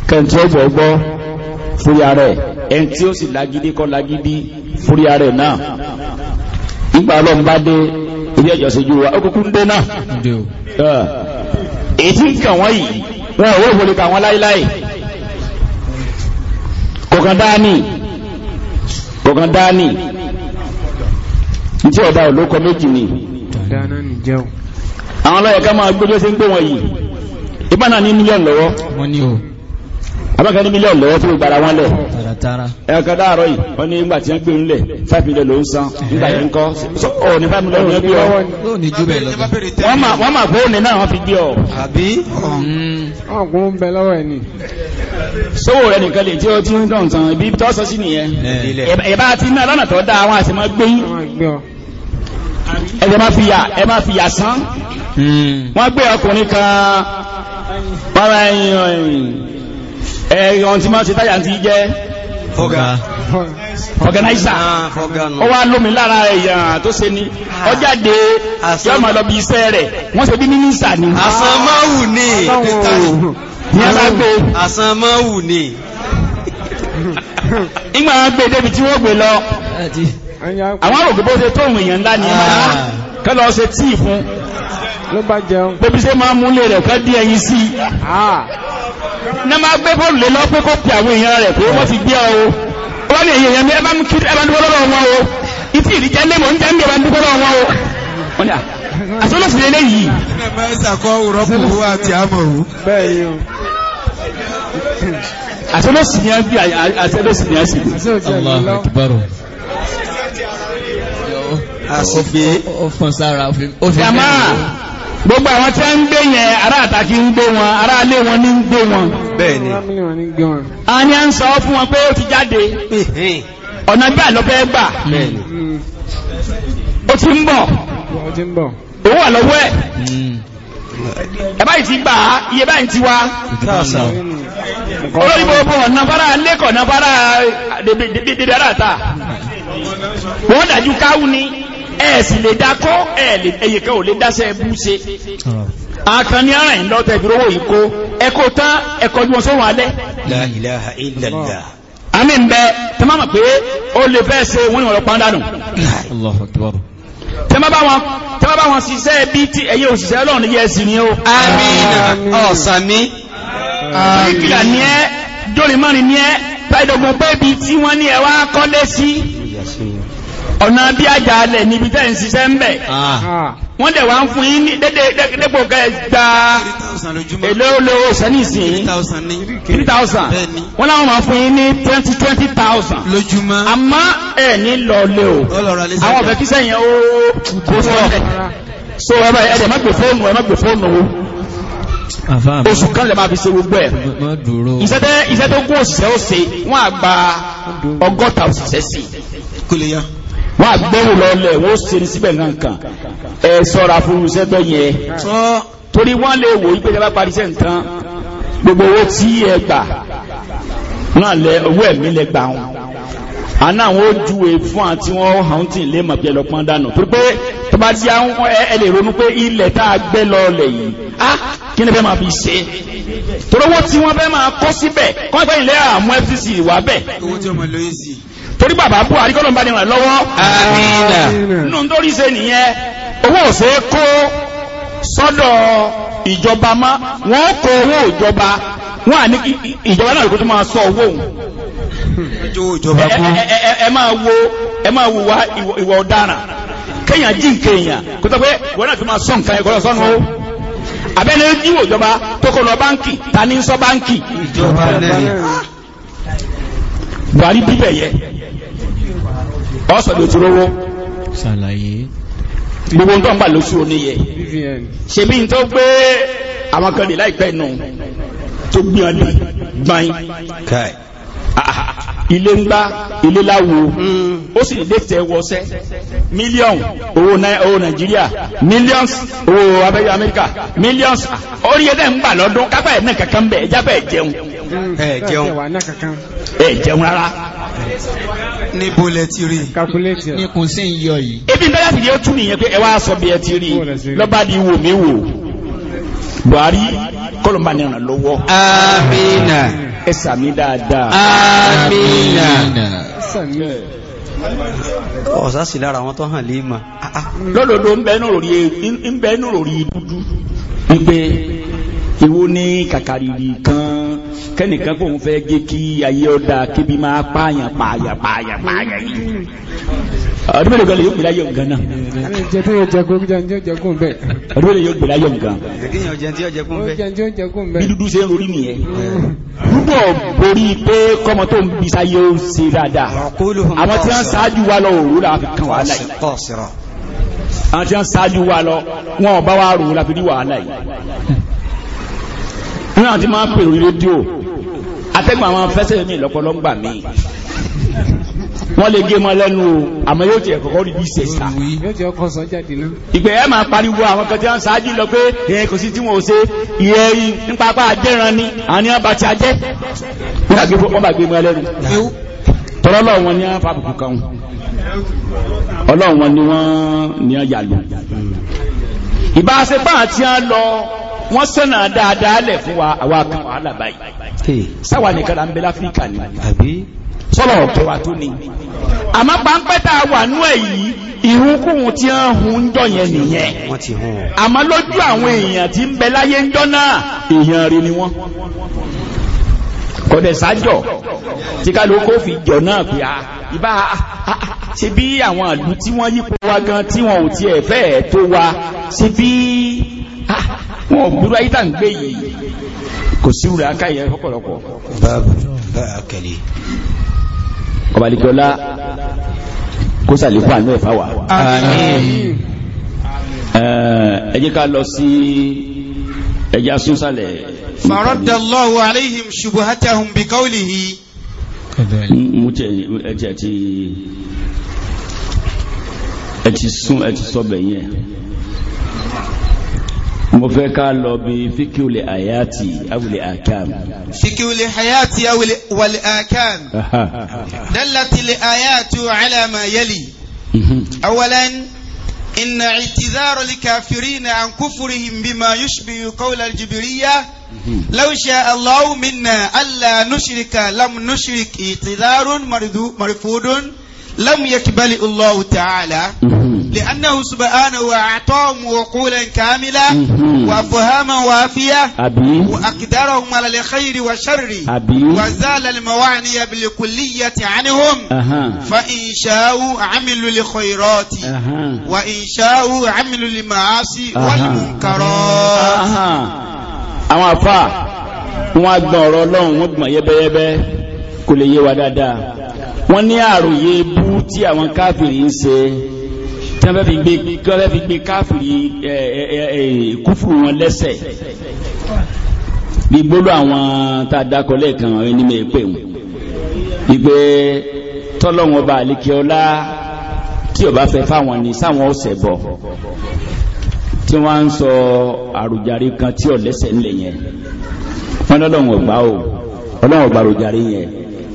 kẹntì ọgbọ gbọ fúri ara ẹ ẹn tí ó sì lágídí kọ lágídí fúri ara ẹ náà nígbà ọlọ́run bá dé ilé ẹjọ́ ṣojú wa okùnkù ń dé náà ètí ń kàn wọ́n yìí wọ́n ò wọ́n lè kà wọ́n láíláì kọ̀kan dání kọ̀kan dání tí ọba olókọ méjì ni àwọn ọlọ́yẹ̀ ká máa gbójó sí ń gbé wọn yìí ìbánà ní mílíọ̀nù lọ́wọ́ abákan ní mílíọ̀nù lọ́wọ́ tí ó gbára wọn lẹ̀ tara. ẹ̀ka dáàrọ̀ yìí wọ́n ní ìgbà tí wọ́n gbé ńlẹ̀ five million ló ń san nígbà yẹn ń kọ́ ọ ní five million ló ń gbé ọ. yóò ní jù bẹ́ẹ̀ lọ. wọ́n mà gbóhùn ní náà wọ́n fi gbé ọ. àbí ọ̀gùn ń bẹ lọ́wọ́ ẹ̀ ni. sówó rẹ nìkan lè tí ó ti ń dàn tán ibi tó sọ sí nìyẹn. ẹ̀ bá ti ná lọ́nà tó dáa wọn àti máa gbé yín ẹ̀jẹ̀ máa fi yà ẹ máa fi yà sán hmm. wọ́n gbé ọkùnrin kan para ẹ̀yìn ẹ̀yìn ọ̀n tí máa ṣe táyà ti jẹ́ organizer ah, ó wá lómi lára èèyàn tó ṣe ni ó ah. jáde yóò máa lọ bí iṣẹ́ rẹ̀ wọ́n ṣe bí mínísà ni. àsanmáwù ni ní alágbé àsanmáwù ni. ìgbà wọn gbé débi tí wọ́n gbé lọ àwọn àrògbé bó ṣe tóun èèyàn ńlá ni ah. kẹ́lọ́ ṣe tíì fún ló bá jẹun bébí máa múlé rẹ̀ kọ́ dí ẹyin sí ní máa gbé bọ́ọ̀lù lé lọ pé kó pe àwọn èèyàn rẹ̀ pé wọ́n ti gbé ọ o wọ́n ní èèyàn mi ẹ bá ń kí ẹ ń dúpọ́ lọ́wọ́ wọn o ìtì ìdíjẹ́ lé mọ̀ ń jẹ́ mi ẹ bá ń dúpọ́ lọ́wọ́ wọn o wọ́n ní àsọ́lọ́sì lé léyìí. ṣé máa ń sàkọ́ òrọ́pù owó àti àmọ̀wò. àsọ́lọ́sì ni a bí àsọ́lọ́sì ni a sì bí. Allahu Akbar àsìgbé ó fọn sára ó fi. gbogbo àwọn tí a ń gbé yẹn ará àtàkì ń gbé wọn ará alé wọn ní ń gbé wọn a ní a ń sọ fún wọn pé ó ti jáde ọ̀nà bí àlọ́fẹ́ gbà ó ti ń bọ̀ owó àlọ́wọ́ ẹ̀ ẹ báyìí ti gbà á iye báyìí ti wá olórí gbogbo ẹ̀ sì lè dákọ́ ẹ̀yẹ̀kẹ́ ò lè dáṣẹ́ bú ṣe àkàn ní ara ìlọ́tẹ̀ ìdúrówò ìkó ẹkó tán ẹkọjú wọn sóhun alẹ́ La ilaha illallah àmì ń bẹ tí máa mọ̀ pé ó lè fẹ́ ṣe wọ́n ìwọ̀n lọ́pàá dánù tí máa bá wọn ṣiṣẹ́ bí tí ẹ̀yẹ òṣìṣẹ́ ọlọ́run yẹ sí ni ó àmín ọ̀sàmí kíkìlà ní ẹ́ dórí mọ́rin ní ẹ́ pẹ́ẹ̀dọ̀gbọ̀n pẹ́ẹ̀bí tí wọ́n ní ẹ̀wà kọ́lé sí ọ̀nà bí àjàalẹ̀ níbi tẹ́ ń ṣiṣẹ́ ń bẹ̀ ah. wọ́n dẹ̀ wá ń fún yín ní dépò kẹ́ gba èlé olówó sẹ́nìsìn 3000 wọ́n láwọn máa fún yín ní 20 20000 lójúmọ́ àmọ́ ẹ̀ ní lọ́ọ̀lẹ́ o àwọn ọ̀bẹ̀ kí sẹ́yìn ó kó sọ́ọ̀ so ẹ ẹ̀ má gbé fóònù ẹ má gbé fóònù o oṣù kan lè máa fi ṣe gbogbo ẹ̀ iṣẹ́ tó gún òṣìṣẹ́ ó ṣe wọ́n á gba ọgọ́ta òṣìṣẹ́ sí i wọ́n àgbẹ̀wò lọ́lẹ̀ wọ́n sèré síbẹ̀ nǹkan ẹ sọ́ra fún iṣẹ́ tó yẹ torí wọ́n lè wò wípé ìjọba parí iṣẹ́ nǹkan gbogbo owó tí ẹ gbà náà lẹ owó ẹ̀mí lẹ gbà wọn àná àwọn ojúwe fún àti wọn àwọn tí ń lé mọ̀ bí ẹ lọ pọn dànù torí pé tó bá ti àwọn ẹ lè ronú pé ilẹ̀ tá a gbẹ́ lọ́ọ̀lẹ̀ yìí á kí ni fẹ́ máa fi ṣe torí owó tí wọ́n fẹ́ máa kọ́ síbẹ̀ kọ́ torí bàbá Buhari kọ́lọ̀ ń bá ní ràn lọ́wọ́ àmìnà nínú tó rí ṣe nìyẹn owó òṣè kó sọ́dọ̀ ìjọba má wọ́n kó owó ìjọba wọ́n à ní ìjọba náà lókè tó máa sọ owó òun ẹ máa wo ẹ máa wo wá ìwà ọ̀daràn kéèyàn jí nǹkan kó tó pé wọ́n náà tó máa sọ nǹkan ẹ̀kọ́ lọ sọ́nu o abẹ́lé jíwò ìjọba tó kọ lọ báńkì ta ní sọ báńkì ìjọba náà Buhari bíbẹ̀ yẹ ọ̀sọ̀dọ̀ tí lówó ṣàlàyé gbogbo nǹkan gbà lóṣù oníyẹ ṣe bí n tó gbé àwọn kan lè láìpẹ́ nù tó gbìyànjú gbáyìn ilé ńgbá ilé láwo hmm. ó sì lè tẹ wọṣẹ million owó Nigeria, nàìjíríà millions owó amẹ́ríkà millions orí ẹ̀dẹ̀ ń gbà lọ́dún kápá ẹ̀ náà kankan bẹ̀ ẹ̀já bẹ̀ jẹun. Hmm. ẹ jẹun ẹ jẹun rárá. ní bólẹ̀ ti rí ní kùn sí ń yọ yìí. ibi ìdájọ́ sì ni ó tún nìyẹn pé ẹ wá sọ bí ẹ ti rí lọ́ba di wò mí wò Buhari kọlọmba ni ọ̀nà lọ́wọ́. amina. Ah, ẹsàmì dáadáa àmìnà ọ̀sá sí lára wọn tó hàn lè mà lọ́dọ̀dọ̀ ń bẹ́ẹ̀nù lórí dúdú wípé ìwó ní kàkàrìrì kan kẹ́nìkan kò ń fẹ́ gé kí ayé ọ̀dà kébi máa pààyàn pààyàn pààyàn pààyàn yìí ọdún mélòó kan lè yóò gbé láyé nǹkan náà. jẹ́ tó yóò jẹ́kún jẹ́ ní yóò jẹ́kún bẹ́ẹ̀. ọdún mélòó yóò gbé láyé nǹkan. bí dúdú ṣe ń rori nìyẹn. dúdú borí pé kọ́mọ tó ń bisá yóò ṣe dáadáa. àwọn tí wọ́n ṣáájú wa lọ òwúrọ̀ àfikàn wàhálà yìí àwọn tí wọ́n ṣáájú wa lọ wọn ò bá wa rò láfi ní wàhálà yìí ní àti máa pèrò ní rédíò atẹ́gbọ̀n àwọn afẹ́sẹ̀ mi lọ́pọ̀lọ́ ń gbà mí wọ́n lè gé mọ́ lẹ́nu o àmọ́ yóò ti ẹ̀kọ́kọ́ rí bí sẹ̀sà ìgbẹ̀ ẹ̀ máa pariwo àwọn kan tí wọ́n ṣáájú lọ pé èyàn kò sí tí wọ́n ṣe ìyẹ́ nípa apá ajẹ́ran ni àní ọba ti ajẹ́ wọ́n bá gbé mọ́ lẹ́nu tọ́lọ́ lọ́wọ́ wọn ní afábùkù kan ọlọ́wọ́ wọn ni wọ́n ní ayàlú ìbáṣepá àti á lọ wọ́n sẹ́nà dáadáa lẹ̀ fún wa àwa kan wàhálà sáwà nìkan là ń bẹ láfíríkà ni sọ́lọ̀ ọ̀kẹ́ wa tó ni àmọ́ páńpẹ́ tá a wà nú ẹ̀ yìí ìrúnkùn tí ń hun ń jọ yẹn nìyẹn àmọ́ lójú àwọn èèyàn tí ń bẹ láyé ń jọ náà èèyàn rí ni wọ́n kọ̀dẹ̀ sájọ̀ tí ká ló kó fi jọ náà pé ìbá ṣe bí àwọn àlú tí wọ́n yípo wa gan tí wọn ò tiẹ̀ fẹ́ẹ̀ tó wa ṣe bí wọn gbúrú ayíta ń gbé yìí kò sí rẹ̀ aká ìyẹn fọ́pọ̀lọpọ̀ ọbalikọ́lá kó sàlékún àánú ẹ̀fà wà ẹ jẹ́ ká lọ sí ẹjá súnsàlẹ̀ faradallahu alayhim shubuhatahum bi qawlihi mú tẹ̀ ti ẹ ti sún ẹ ti sọ bẹ̀yẹn mo fẹ́ ká lọ bí fíkíulẹ̀ àyàtì awulẹ̀ àkàm fíkíulẹ̀ àyàtì awulẹ̀ àkàm dálàtìlẹ̀ àyàtì alàmà yẹlì awalan إن اعتذار الكافرين عن كفرهم بما يشبه قول الجبرية لو شاء الله منا ألا نشرك لم نشرك اعتذار مرفود لم يقبل الله تعالى لأنه سبحانه أعطاهم عقولا كاملة وأفهاما وافية وأقدارهم على الخير والشر وزال الموانع بالكلية عنهم فإن شاءوا عملوا لخيرات وإن شاءوا عملوا للمعاصي والمنكرات àwọn àfà wọn gbọ́n ọ̀rọ̀ Ọlọ́run wọn gbọ́n yẹ́bẹ́yẹ́bẹ́ kò lè yé wa dáadáa wọ́n ní àròyé bú tí àwọn káfìrí ń ṣe tí wọ́n fi gbé kọ́lẹ́ fi gbé káfìrí kúfùrù wọn lẹ́sẹ̀ bí gbóló àwọn tá a dákọ lẹ́ẹ̀kan àwọn ẹni mẹ́ẹ̀ pè wọ́n ìgbé tọ́lọ́wọ́n bá àlékè ọlá tí ọba fẹ́ fáwọn ní sáwọn ọ̀sẹ̀ bọ̀ tí wọ́n ń sọ àròjàre kan tí ọ̀lẹ́sẹ̀ ńlẹ̀ yẹn wọ́n lọ́lọ́wọ́n gbá o ọlọ́wọ́n gbàròjàre yẹn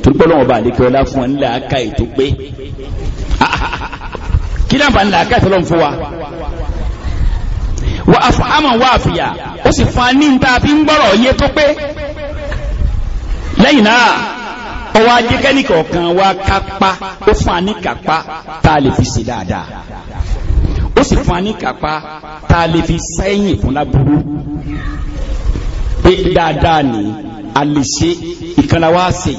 torípọ́lọ́wọ́ bá àdékẹ́ ọlá fún wọn nílẹ̀ aká ètò pé kí náà bá nílẹ̀ aká ìtọ́lọ́ fún wa wa àmọ̀ wá àfìyà ó sì fún a ní níta fi ń gbọ́rọ̀ yé tó pé lẹ́yìn náà ọwọ́ ajékẹ́ni kọ̀ọ̀kan wa kápá ó fún a ní kápá tá a lè fi ṣe dáadáa ó sì fún a ní kápá tá a lè fi sẹ́yìn fún láburú pé dáadáa ni a lè ṣe ìkànnà wa ṣe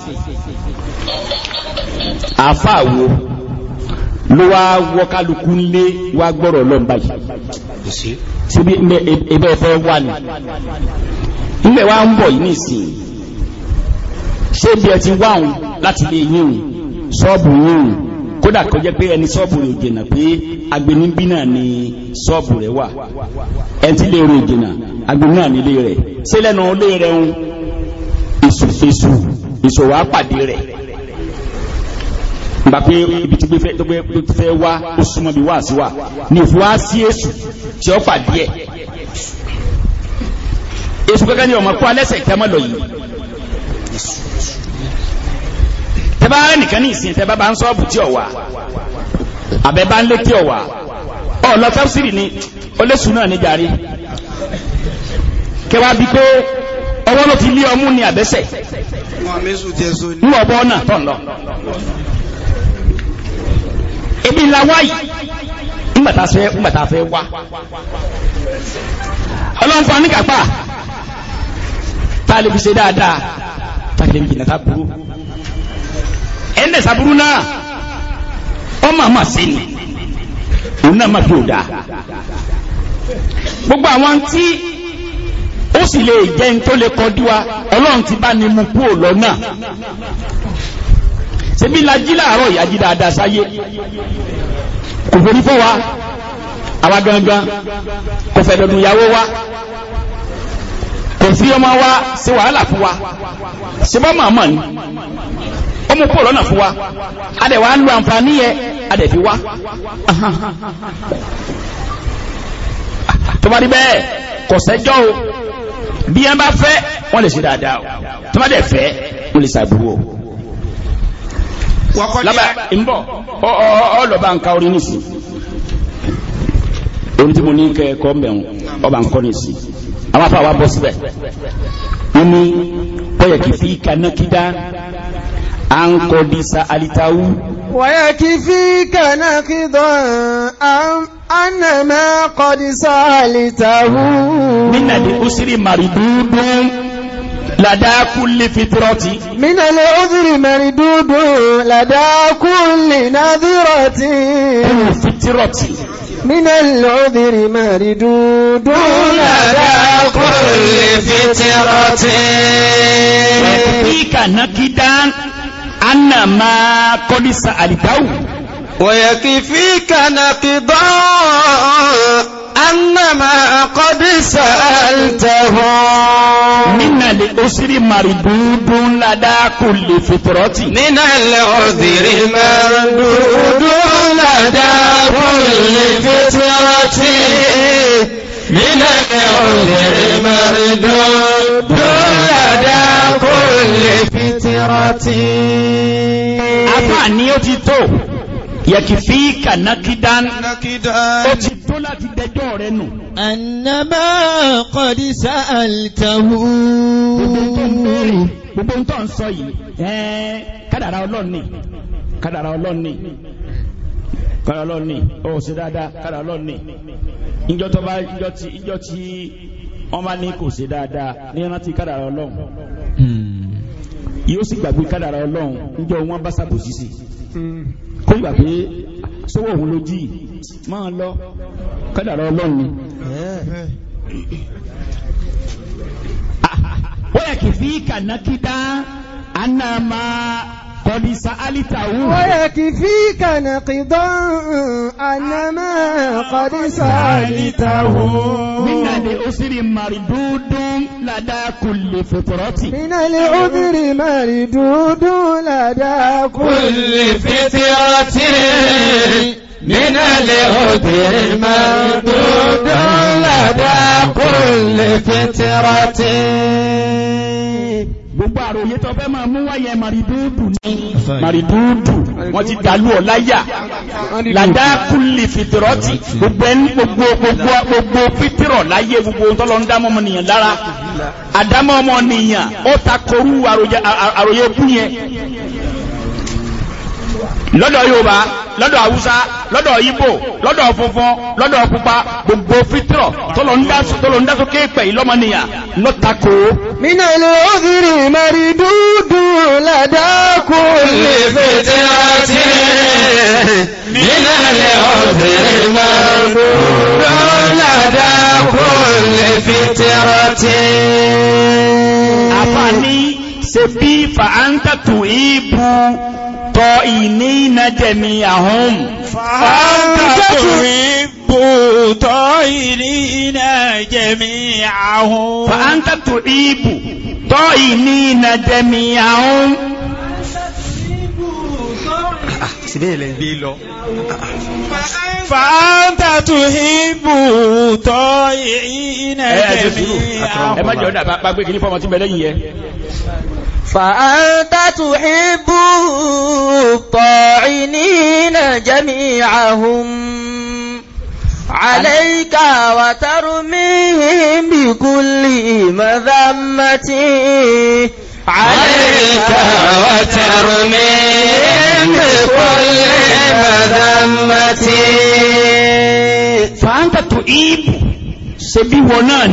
àáfàá wo ló wá wọ́ kálukú lé wá gbọ́rọ̀ lọ́n báyìí síbi ẹgbẹ́ ẹfẹ́ wà ní ilẹ̀ wa ń bọ̀ yìí nìsín ṣé bí ẹ ti wá òun láti lè yín ṣọ́ọ̀bù yín kódà kó jẹ́ pé ẹni ṣọ́ọ̀bù rẹ̀ jìnnà pé agbenibí náà ni ṣọ́ọ̀bù rẹ̀ wà ẹni tí lè rìn jìnnà agbeni náà nílé rẹ̀ ṣé lẹ́nu ilé rẹ̀ ń èso èso èso rẹ̀. gba pé ibi tí gbé tó fẹ́ wá ó súnmọ́ bí wá sí wá ní òfin wá sí èsù tí ó pàdé ẹ̀ èsù gẹ́gẹ́ ní ọmọ kó alẹ́sẹ̀ kí lọ yìí tẹ́bá nìkan ní ìsìn tẹ́bá bá ń sọ́ọ̀bù tí ọ̀wà àbẹ́ bá ń lé tí ọ̀wà ọ̀lọ́ tafsiri ni olésù náà ní jàre kẹwàá bí pé ọwọ́ ló ti lé ọmú ní àbẹ́sẹ̀ ń wọ̀ bọ́ náà tọ̀ lọ ibi lawáyì nígbàtà fẹ́ wá ọlọ́nfà ní kàpá tààlẹ̀ fi ṣe dáadáa tààlẹ̀ fi jìnàtà burú ẹ̀ndẹ̀ sàbúrú náà ọ máa máa sí ni òun náà máa fi ò dáa gbogbo àwọn tí ó sì lè jẹ́ ń tó lè kọjú wa ọlọ́run ti bá ní mú kúrò lọ́nà ṣe bí lají láàárọ̀ ìyájí dáadáa sáyé kò forí fọ́ wa àwa gangan kò fẹ́ dọ̀dún ìyàwó wa kò sí ọmọ wa ṣe wàhálà fún wa ṣe bá màmá ni ọmọ pọ̀ lọ́nà fún wa adẹ̀wà ń lo àǹfààní yẹ adẹ̀fi wá tó bá rí bẹ́ẹ̀ kò sẹ́jọ́ o bí ẹ bá fẹ́ wọ́n lè ṣe dáadáa o tó bá dẹ̀ fẹ́ wọ́n lè ṣàbúrò o. lábà ńbọ̀ ọlọ́ba nǹkan orin nìsí orin tí mo ní kẹ́ ọba nǹkan nìsí afọ àwọn bọ́ síbẹ̀ wọ́n ní pọ́yẹ̀ kì di sa alitawu. wọ́yẹ̀ kì fi kanákídá ànàmẹ́ kọ́ di sa alitawu. làdákú lè fi tírọ́tí. mínàlẹ̀ òzìrì mẹ́rin dúdú làdákú lè nádírọ̀tí. kúrò fi tírọ̀tí. mínàlẹ̀ òzìrì mẹ́rin dúdú làdákú lè fi tírọ̀tí. kíkà nákídá anna máa kọ́dísà àlìkáwù. wọ̀yẹ̀kì fíkà nákídá أنما قد سألتهم من الأسر مردود لدى كل فترة من الأسر مردود لدى كل فترة من الأسر مردود لدى كل فترة أفعني أتي يكفيك نكدا أتي láti dẹjọ́ rẹ nù. Ànàmá kọ̀dísà àlìtàwù. Gbogbo tó ń bèèrè, gbogbo tó ń sọ yìí, ẹ́ẹ́ kádàrá ọlọ́ọ̀ni, kádàrá ọlọ́ọ̀ni, kádàrá ọlọ́ọ̀ni, ó ṣe dáadáa, kádàrá ọlọ́ọ̀ni. Ìjọ tó bá ìjọ tí ìjọ tí wọ́n bá ní kò ṣe dáadáa ní rántí kádàrá ọlọ́ọ̀n. Hmm. Yóò sì gbàgbé kádàrá ọlọ́ọ̀n níjọ wọn bá ṣàbòsí sí kó ìgbà pé sówó òun ló jí máa lọ kádàrá ọlọ́run ni wọ́n yà kì í fi kànákítá anamá kọ́dí sa'alita wù. Wọ́yẹ̀ kì fí kànà kìdán ànàmà kọ́dí sa'alita wù. Mínà lè ó sírí màrìdúdún ládá kùlè fìtìrọ́tì. Mínà lè ó sírí màrìdúdún ládá kùlè fìtìrọ́tì. Mínà lè ó sírí màrìdúdún ládá kùlè fìtìrọ́tì gbogbo àròyé tó fẹ́ máa mú wáyẹ màrìdúdù ní màrìdúdù wọ́n ti dàlú ọ̀láyà làdákùnlé fìtìrọ́tì gbogbo ẹni gbogbo gbogbo gbogbo fìtìrọ̀ láyé gbogbo tọ́lọ́ ń dámọ́ ọmọ lára àdámọ́ ọmọ ó takorú àròyé kú yẹn lọ́dọ̀ Yorùbá lọ́dọ̀ haúsá lọ́dọ̀ ibo lọ́dọ̀ funfun lọ́dọ̀ pupa gbogbo fitrọ tọ́lọ̀ ń dá sókè pẹ̀ ìlọ́mọnìyàn ló takò. nínú ìlú òfìrí mẹ́rí dúdú ládàkù lè fètè àti nínú ìlú òfìrí mẹ́rí dúdú ládàkù lè fètè àti. àfààní ṣe bí fàáńtàtù ìbú tọ ìní ìnájẹ̀mí àhún fàáńtàtù ìbú tọ ìní ìnájẹ̀mí àhún fàáńtàtù ìbú tọ ìní ìnájẹ̀mí àhún síbẹ̀ ilẹ̀ gbé lọ. fàáńtà tó hìbù tọ́ ìyínà ẹ̀mí àwọn. ẹ má jọ dàbá pàgbé kìíní fọmọ tí bẹ lẹ́yìn yẹ. فأنت تحب الطاعنين جميعهم عليك وترميهم بكل مذمة عليك وترميهم بكل مذمة فأنت تحب ṣebí wọn náà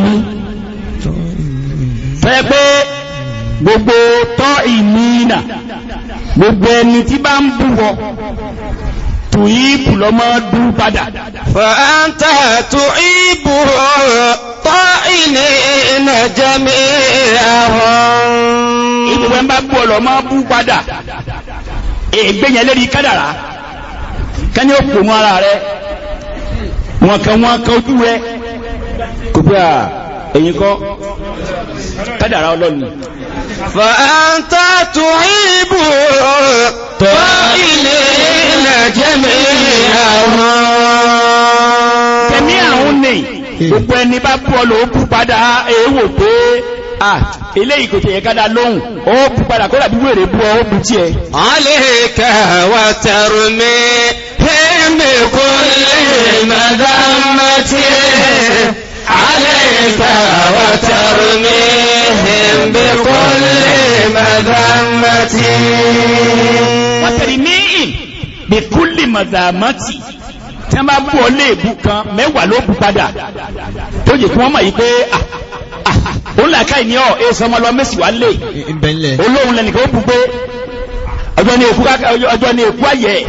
gbogbo tọ́ ìmìnà gbogbo ẹni tí bá ń búwọ tù ìbù lọ́mọ́ dú padà fa'anta tù ìbù tọ́ ìní ìnà jẹ́mí àwọn ìbùwẹ́ bá bú ọlọ́mọ́ bú padà ègbéyàn lérí kádàrá kẹ́ni ó pò mọ́ ara rẹ̀ wọn kan wọn kan ojú rẹ̀ kò pé à ẹ̀yin kọ́ kádàrá ọlọ́ni fa'anta tuhibu tọ́ ilé ìrìnàjẹ́mì àwọn tẹ̀mí àwọn ní hmm. gbogbo ẹni bá bọ́ọ̀lù ó kú padà èèwò pé à ilé ìkòtò yẹ kádà lóhùn ó kú padà kó dàbí wèrè bú ọ bú tí ẹ alẹ́kà wà tẹ̀rù mi عليك وترميهم بكل مذمة وترميهم بكل مذمة tí wọ́n bá bú ọ léèbú kan mẹ́wàá ló bú padà tó yẹ kí wọ́n mọ̀ yí pé ah, ah, ah, òun làákà ìní ọ̀ èso ọmọ lọ mẹ́sì wá lè olóhùn lẹ́nìkan ó bú pé ọjọ́ ní èkú ayẹ̀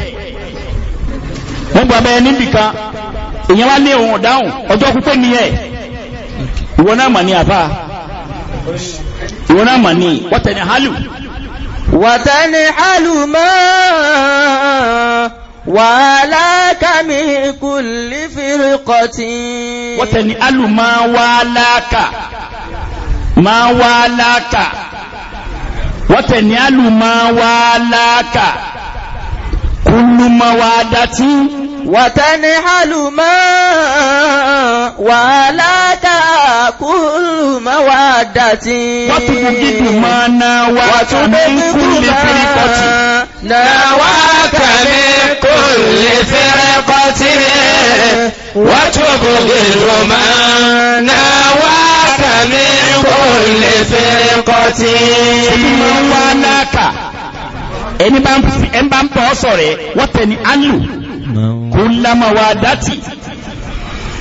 wọ́n gbọ́ abẹ́yẹ níbìkan èèyàn wá ní òun ọ̀dáhùn ọjọ́ pípé nìyẹn ìwọ náà mà ní àfà ìwọ náà mà ní wọ́tẹ̀ni hálù wọ́tẹ̀ni hálù mọ́ wàhálàkà mi kùlì fìrìkọ̀tì wọ́tẹ̀ni hálù mọ́ wàhálàkà mọ́ wàhálàkà wọ́tẹ̀ni hálù mọ́ wàhálàkà kùlù وتنحل ما ولا تأكل موادة وتبغض ما وتبغض من كل فرقة نواك من كل فرقة وتبغض ما نواك من كل فرقة نواك ẹni bá ń bọ́ sọ̀rẹ̀ wọ́n tẹ̀ ní ánìlù kulla mawadati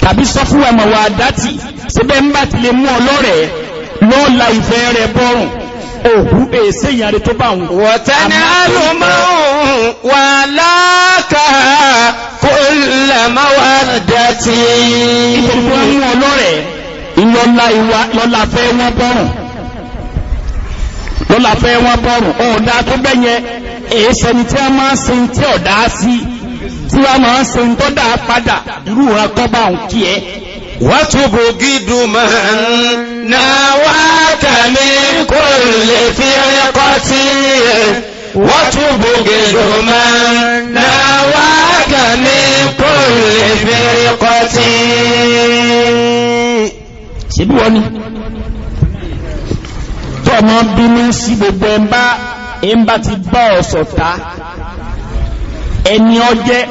tàbí sọ́fúnwà mawadati síbẹ̀ ń bá ti lè mú ọlọ́rẹ̀ lọ́la ìfẹ́ rẹ̀ bọ́rùn òhú èsè ìyàrí tó bá wọn. wọ̀tẹ́ni alùmọ́hùn wà láàkà kulla mawadati. ìfọ̀fọ́ mú ọlọ́rẹ̀ lọ́la fẹ́ wọn bọ́rùn lọ́la fẹ́ wọn bọ́rùn ọ̀dà tó bẹ́yẹn èsẹni tí a máa sin tí ọ̀dá sí tí wọ́n máa ń ṣe ń tọ́dà padà irú wọn kọ́ bá kí ẹ. wọ́n tún bò gídùn máa ń na wá kàmí kò lè fi ẹ̀kọ́ tí wọ́n tún bò gídùn máa ń na wá kàmí kò lè fi ẹ̀kọ́ tí. ṣebí wọ́n ni tọ́mọ bínú sí gbogbo ẹ̀ ń bá ti bá ọ̀sọ̀ ẹni ọjẹ́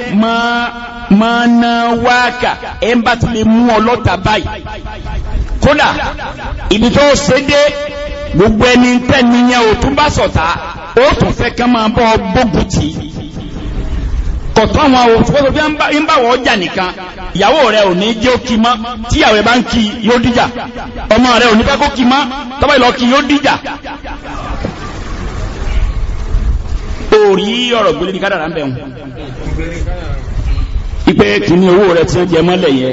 máa ná wáàkà ẹ ń bá ti lè mú ọlọ́ta báyìí kódà ibi tó ṣe dé gbogbo ẹni tẹ́ni yẹn ò tún bá sọ̀tà ó tún fẹ́ kán máa bọ́ gbógun tì í kọ̀tọ́ àwọn òṣùpọ̀tọ̀ bí ń bá wọ́n jà nìkan ìyàwó rẹ̀ ò ní jẹ́ ó kí mọ́ tí ìyàwó rẹ̀ bá ń kí yóò díjà ọmọ rẹ̀ ò ní fẹ́ kó kí mọ́ tọ́bá ìlọ yóò díjà tó rí ọ̀rọ̀ gbélé ní kádàrá ń bẹ̀ wọn ipe kìíní owó rẹ̀ tí ó jẹ mọ́lẹ̀ yẹ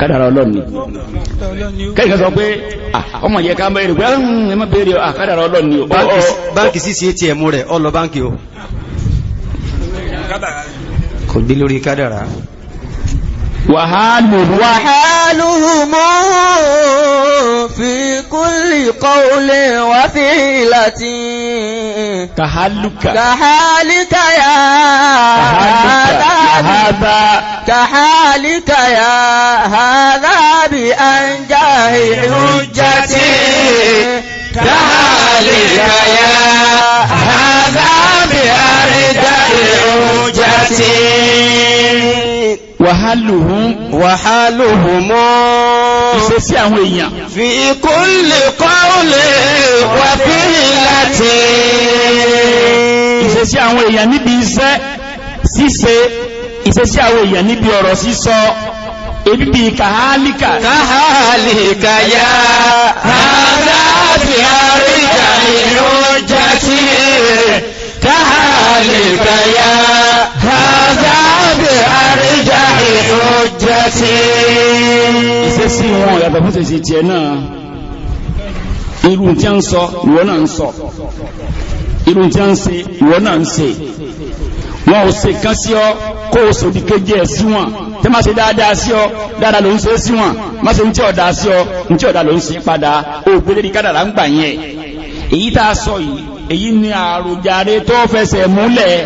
kádàrá ọlọ́ni kẹ́kẹ́ sọ pé ọmọ yẹ ká bẹ̀rẹ̀ pé ẹ má bẹ̀rẹ̀ kádàrá ọlọ́ni báńkì sí sí atm rẹ̀ ọlọ báńkì o kò gbé lórí kádàrá وحالهم وحالهم في كل قول وفعلة كحالك كحالك يا هذا كحالك يا هذا بأنجاه حجتي كحالك يا هذا بأرجاء حجتي wàhálùhùn ìṣesí àwọn èèyàn fi ikú lè kọ́ lè wà bí láti ìṣesí àwọn èèyàn níbi iṣẹ́ ṣíṣe ìṣesí àwọn èèyàn níbi ọ̀rọ̀ sísọ ebi bi kàhálíkà kàhálíkà yá ti ìṣe sí wọn yàtọ̀ fún ṣe ṣe tiẹ̀ náà irú tí a ń sọ ìwọ náà ń sọ irú tí a ń ṣe ìwọ náà ń ṣe wọn ò ṣe kan sí ọ kó o sòdì kéje ẹ̀ sí wọn tẹ́ máa ṣe dáadáa sí ọ dáadáa ló ń ṣe sí wọn má ṣe ń tí ọ̀dà sí ọ ń tí ọ̀dà ló ń ṣe padà ògbélé ní kádàrá ń gbà yẹn èyí tá a sọ yìí èyí ni àròjàre tó fẹsẹ̀ múlẹ̀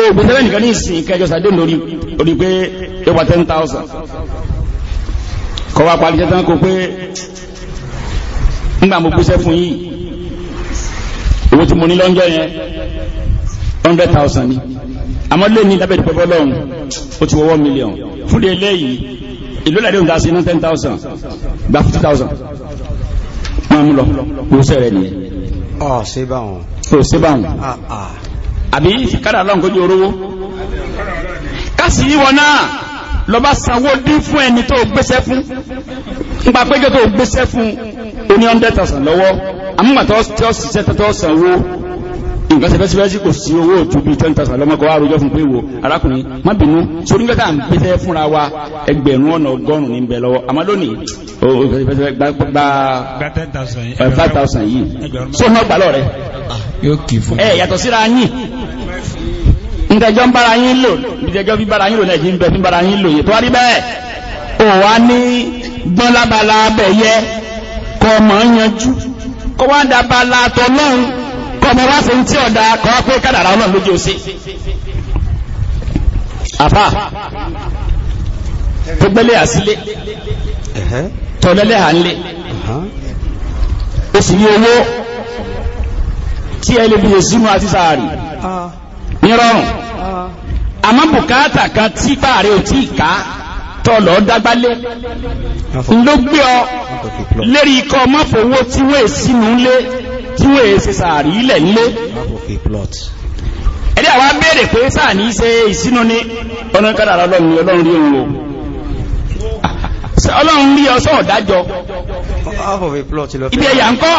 oògùn tẹ́lẹ̀ nìkan ní ìsìn kẹjọ sàdé lórí orí pé ẹwà 10,000 kọwa parí jẹ́ tán kó pé ńgbà mo gbéṣẹ́ fún yín owó tí mo ní lọ́njọ́ yẹn 100,000 ni àmọ́ lè ní lábẹ́ ìpẹ́bọ́ lọ́hùn ó ti wọ́wọ́ mílíọ̀n fún lè léyìí ìlú làdé òǹkà sí ní 10,000 gba 50,000 máa mú lọ kó sẹ́rẹ̀ nìyẹn. ọ̀ ṣe báwọn. kò ah, ṣe ah. báwọn àbí kára ọlọ́run kójú orówó kásì yíwọ náà lọ bá sanwó dín fún ẹni tó gbéṣẹ́ fún nípa péjọ tó gbéṣẹ́ fún oní lọ́wọ́ àmúgbàtọ́ tí ó ṣiṣẹ́ tọ́tọ́ sanwó nǹkan sẹ́fẹ́sẹ́fẹ́sí kò sí owó òtú bíi ten thousand lọ́mọkọ̀ wá rojọ́ fún pé wo arákùnrin má bínú sórí nígbà tá à ń pèsè fúnra wa ẹgbẹ̀rún ọ̀nà ọgọ́rùn-ún ní bẹ̀ lọ́wọ́ àmọ́ lónìí o fẹ́sẹ̀fẹ́sẹ́ gba gba five thousand yìí so hàn gbà lọ́rẹ̀ ẹ yàtọ̀ síra yín ntẹ̀jọ́ ń bára yín lò ntẹ̀jọ́ bí bára yín lò lẹ́yìn bẹ́ẹ̀ fi bára yín lò yẹ tó wá rí bẹ́ẹ̀ ò wá ní gbọ́n lábala abẹ̀yẹ kọ́ mọ̀ ń yanjú kọ́ wá dábàlá tọ́lọ́run kọmọ wá sí tí ọ̀dá kọ́ pé kádàrà ọlọ́run lójú ó sí àfà tó gbẹ́lẹ̀ àsílé tọ́lẹ́lẹ́ à ń lé ó sì ní owó tí ẹ lè bí èsínú àti sàárì ah. ní rọrùn ah. àmọ́ bùkátà kan tí bàárẹ̀ ò tí ì tọ́lọ̀ dágbálé ló gbé ọ lérí ikọ̀ mọ́fowó tí wọ́n sínú lé tí wọ́n ṣe sàárì ilẹ̀ lé ẹ̀dẹ́ àwọn abẹ́rẹ̀ pé sáà ní ṣe ìsínú ní ọ̀nà ọlọ́run rí òun o ọlọ́run rí ọ sọ́ọ̀ dájọ́ ibi ẹ̀yà ń kọ́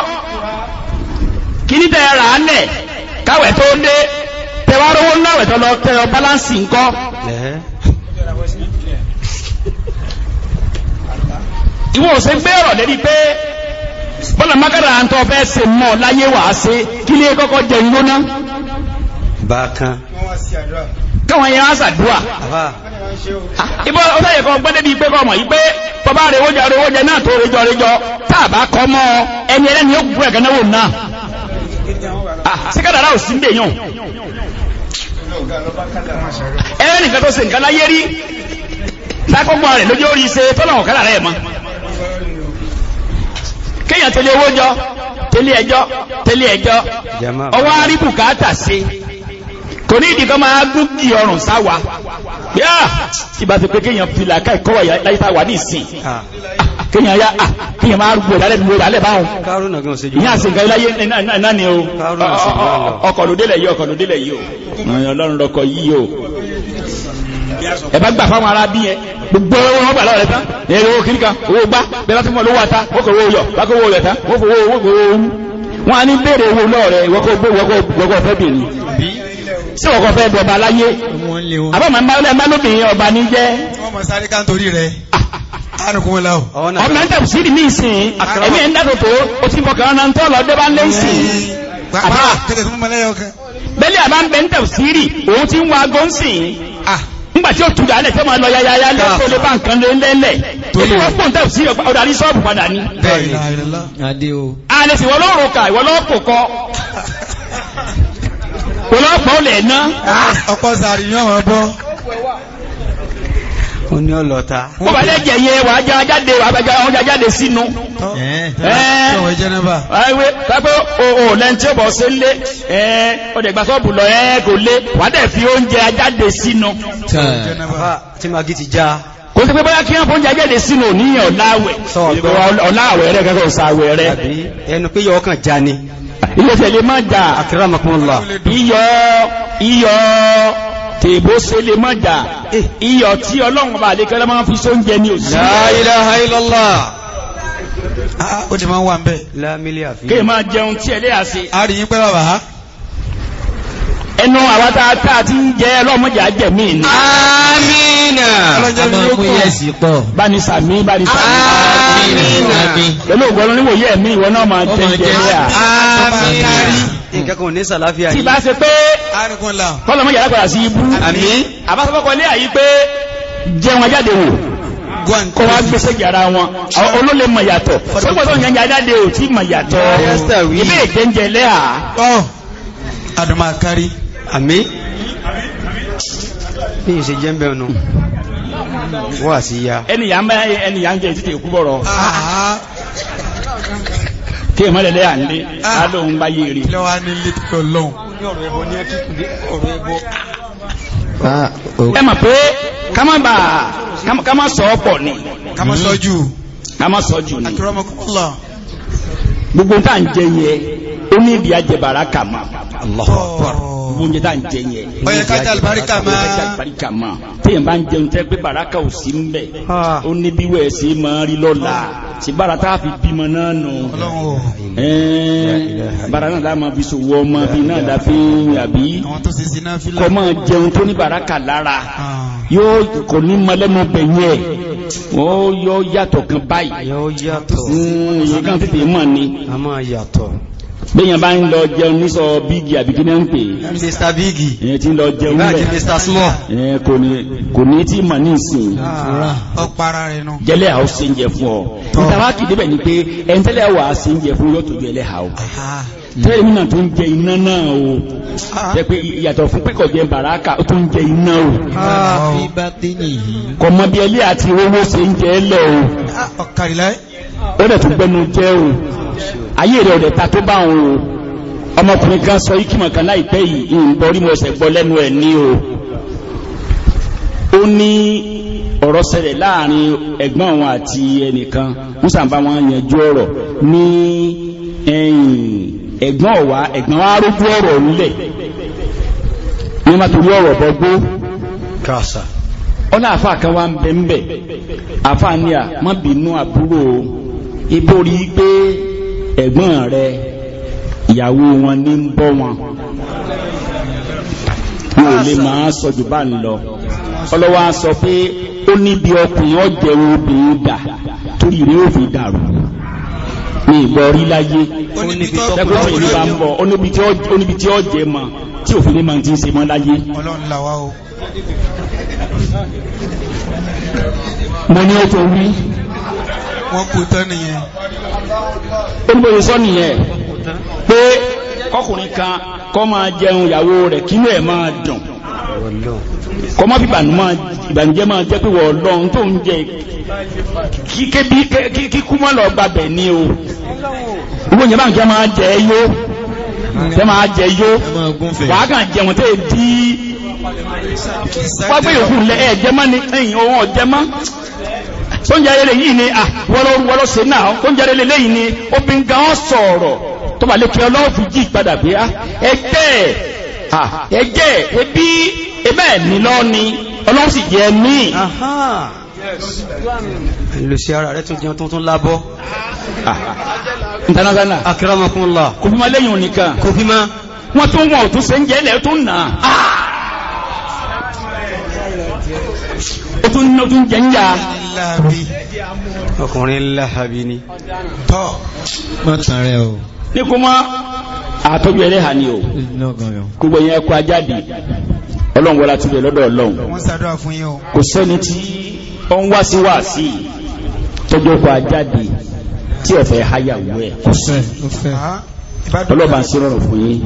kí ní tẹ́ ra káwẹ̀ tó dé tẹwàá rówó náwẹ̀ tọ́lọ tẹ́ ìwọ ò ṣe gbé ọ̀rọ̀ lẹ́rí pé bọ́lá mákàrà ń tọ́ fẹ́ ṣe mọ́ láyé wàá ṣe kí lè kọ́kọ́ jẹ ìgbóná. bákan. káwọn yẹn á ṣàdúrà. ibọ ọsẹ yẹ kọ gbọdẹ bíi pé kọmọ yìí pé bàbá rẹ owó jẹ rẹ owó jẹ náà tó rẹjọ rẹjọ tá a bá kọ mọ ẹni ẹlẹni yóò gbúrẹ gánà wò náà. síkàdàrà ah, ò sí ń dèyàn. ẹlẹ́nìkan tó ṣe nǹkan láyé rí lákòókò rẹ̀ lójú orí ṣe tọ́lọ̀ ọ̀kadà rẹ̀ mọ́ kéèyàn tẹ́lé owó jọ tẹ́lé ẹjọ́ tẹ́lé ẹjọ́ ọwọ́ arí bùkátà sí kò ní ìdíkan máa gúgì ọrùn sáwà yá ìbá ti pé kéèyàn fi làkà ìkọ́wà láyé táwà ní ìsìn kéèyàn yá kéèyàn máa gbò dálẹ́ gbò dálẹ́ báwọn ìyá àsìnkà iláyé náà ni o ọkọ̀ lódélẹ̀ yìí ọkọ̀ lódélẹ̀ yìí o ọlọ́run lọkọ̀ yìí o ẹ bá gbà fáwọn ará bí yẹn gbogbo wọn gbà lọ́rẹ̀ tán èrè owó kìíní kan owó gbá bẹ́ẹ̀ láti mọ̀ lówó ata wọ́kọ̀ owó yọ bákọ̀ owó yọ tán wọ́kọ̀ owó owó owó wọn a ní béèrè owó lọ́rẹ̀ wọ́kọ̀ fẹ́ bèrè sí ọkọ̀ fẹ́ bọba aláyé àbámọ̀ mẹ́lóbìnrin ọba ní jẹ́ ọmọ sáré ká ń o ọmọ ẹ̀ńtẹ̀ sí ní ìsìn ẹ̀mí ẹ̀ńdà tó tó o ti bọ̀kàn ọ̀nà tó lọ dọ́bà lẹ́sìn bẹ́lẹ̀ àbá ń bẹ́ńtẹ̀ sí rí òun nígbàtí ó tùdà alẹ́ tẹ́ máa lọ yáyáyá lẹ́tọ́ ah. lé bá nǹkan lẹ́lẹ́lẹ́ ọ̀pọ̀ tẹ́ sí ọ̀darí sọ́ọ̀bù padà ní alẹ́sì wọ́n lọ́rọ̀ ká ìwọ́n lọ́pọ̀ kọ́ wọ́n lẹ̀ ná ah, ọ̀pọ̀ sàrì yán wọn bọ́ ó ní ọlọ́ta. ó bá lẹ́jẹ̀ yẹ wà á jáde wà á jáde sínú. ṣọwọ́ o lẹ́ni tí ó bọ̀ ṣe lé ó dẹ̀ gba sọ́ọ̀bù lọ ẹ̀ kò lé wà á dẹ̀ fi oúnjẹ ajáde sínú. tí màgí ti já. kò sí pé bóyá kí wọ́n fóúnjẹ ajáde sínú òníyàn ọ̀làwẹ̀ ọ̀làwẹ̀ rẹ̀ kẹ́kọ̀ọ́ tèbó se lè má jà eh. iyọ̀ tí ọlọ́run bá lè kẹ́lẹ́ máa fi sóúnjẹ ní òsì la ilaha illallah ah, ah, ó ti máa wà ń bẹ́ kí máa jẹun tí ẹlẹ́ àṣẹ àríyìn pẹ́ bàbá ẹnu àwọn tààtà ń jẹ ọlọ́mọjà jẹ̀mí ni amínà báni sàmí báni sàmí amínà pẹ̀lú ògbọ́n níwòye ẹ̀mí ìwọ náà máa nǹkan kan ní sàláfíà yìí. tí bá ṣe pé kọ́lọ̀ mọ́ yàrá padà sí ibú. àmì àbáṣepọ̀kọ lé àyí pé jẹun ajáde wò kó wá gbèsè yàrá wọn olólè mọ̀ yàtọ̀ sọ́kọ̀ sọ́kọ̀ yẹn ajáde oh, wọ́n àti ya. ẹnìyà ń bá ẹnìyà ń jẹ́ ìtìtì òkú tí èmọ́ lẹ́lẹ́ à ń lé alóhun ah, bá yé rí lọ́wọ́ ní ilé tó lọ́hun ẹ mọ̀ pé ká sọ ọ́pọ̀ ni ká má sọ jù ká sọ jù ni gbogbo tá à ń jẹ yẹ ó ní ìdí ajẹbàrà kà má gbogbo oúnjẹ tá à ń jẹ yẹn. ọyẹ kájà alibarika ma. kájà alibarika ma. téèyàn bá ń jẹun tẹ pé baraka ò sí ń bẹ. ó ní bí wẹ́ẹ̀ sí máa rí lọ́la sí bára tá a fi bímọ náà nù. bára náà dáa máa fi sòwò ọmọ bí náà dáa fi àbí. kọ́ máa jẹun tó ní baraka lara. yóò kò ní mọ́lẹ́nu bẹ̀ yẹn ó yọ yàtọ̀ kan báyìí. yọ yàtọ̀. nǹkan tètè mọ̀ ni. a máa yàtọ̀ bẹ́yàn bá ń lọ jẹun nísọ bígì àbíkí náà ń pè mr bígì ẹ̀yẹn tí lọ jẹun rẹ̀ ìbájì mr small ẹ̀yẹn kò ní tí mà ní ìsìn ọpara ah, rẹ̀ nù jẹ́lẹ̀ àwọn ṣe ń jẹ fún ọ ìtawà kìdí bẹ̀ ni pé ẹn tẹ́lẹ̀ wà á ṣe ń jẹ fún yóò tó ju ẹlẹ́ o tẹ́lẹ̀ mi tó ń jẹ iná náà o ah. jẹ́ pé ìyàtọ̀ fún pẹ́kọ̀ jẹ bàráàkà ó tó ń jẹ iná o ah. kọ̀ mọ́ bí ẹlẹ́ àti owó ṣe ń jẹ ẹlẹ́ o ó dẹ̀ tún gbẹnu jẹ́ o ayé rẹ̀ ọ̀dẹ̀ tó bá òun o ọmọkùnrin kan sọ ikimọ̀ kan láìpẹ́ yìí ń bọ́ rí mo ṣẹ̀ gbọ́ lẹ́nu ẹ̀ ní o ó ní ọ̀rọ̀ ṣẹlẹ̀ láàrin ẹ̀gbọ́n wọn àti ẹnìkan wọ́n wọn yanjú ọ̀rọ̀ ní ẹ̀gbọ́n ọ̀wá ẹ̀gbọ́n wa rójú ọ̀rọ̀ nílẹ̀ ní wọ́n torí ọ̀rọ̀ bọ́gbó kàṣà ọ̀nà àfà kan wá ń bẹ̀ ń àfà ní à mọ́bìnú àbúrò ibórí pé ẹ̀gbọ́n rẹ ìyàwó wọn ní ń bọ́ wọn wọn ò lè máa sọ jù bá ń lọ ọlọ́wọ́ a sọ pé ó níbi ọkùnrin ọ̀jẹ̀wò obìnrin dà torí rẹ̀ ó fi dàrú ní ìbọ̀ orí láyé ẹgbẹ́ tí bá ń bọ̀ oníbi tí ó mọ̀ tí òfin ní máa ti ń ṣe mọ́ láyé mo ní ó wí wọ́n kò tán nìyẹn olùgbòye sọ nìyẹn pé kọkùnrin kan kọ́ máa jẹun ìyàwó rẹ̀ kí lẹ̀ máa dùn kọ́ máa fi ìbànújẹ́ máa jẹ́ pé wọ́n lọ́n tó ń jẹ kíkú mọ́ lọ gbàbẹ̀ ni o olùgbòye yẹn bá máa jẹ yó tẹ́ máa jẹ yó wàá kàn jẹun tẹ́ di wàá gbé yòókù lẹ́ ẹ̀ jẹ́ mọ́ ni ẹ̀yìn òun ọ̀jẹ́ mọ́ sóúnjẹ ayẹlẹ yìí ni à ah, wọ́lọ́wọ́lọ́ sí náà oúnjẹ ayẹlẹ lẹ́yìn ni obìnrin gan ọ́ sọ̀rọ̀ tó bá lè kí ọlọ́ọ̀fù jí padà bí á ah, ẹgbẹ́ ah, ẹgbẹ́ ẹbí ẹbẹ́ ní lọ́ ni ọlọ́run sì jẹ́ mí. lùsí ara rẹ tún jẹun tuntun lábọ́. international. akérèmọkúnlá. kò fi ma lẹ́yìn òníkan. kò fi ma. wọ́n tún wọ́n ò tún ṣe ń jẹ́ ilẹ̀ tó ń nà ó tún jẹ́ ń yà láàbí ọkùnrin láàbí ni tọ́ mọ́tàn rẹ̀ o ní kó mọ́ àtọ́jú ẹlẹ́hà ni o gbogbo yẹn kó ajáde ọlọ́run wọlá ti bẹ̀ lọ́dọ̀ ọlọ́run kò sẹ́ni tí ó ń wá sí wá sí tọ́jú ọkọ̀ ajáde tí ọ̀fẹ́ háyàwó ẹ̀ kò sẹ́ ọlọ́ba sí rọrùn fún yín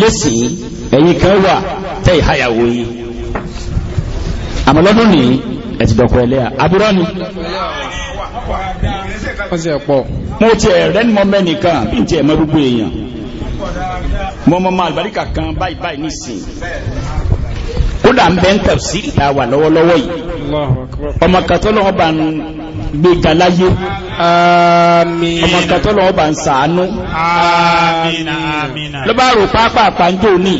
lẹ́sìn ẹ̀yin kan wà tẹ́ ìháyàwó yìí àmọ́ lọ́dún ní ẹ̀tì dọ̀kọ̀ ẹlẹ́à abúrọ́ ni mo ti ẹ̀rẹ́ ni mo mẹ́ nìkan bí n ti ẹ̀mọ́ gbogbo èèyàn mo mọ ma àlùbáríkà kan báyìí báyìí nísìn kódà ń bẹ́ ń tẹ̀ sí ìta wà lọ́wọ́lọ́wọ́ yìí ọmọ kàtọ́lọ́wọ́ bá ń gbéga láyé ọmọ kàtọ́lọ́wọ́ bá ń sàánú ló bá rò pápá àpáńjò ní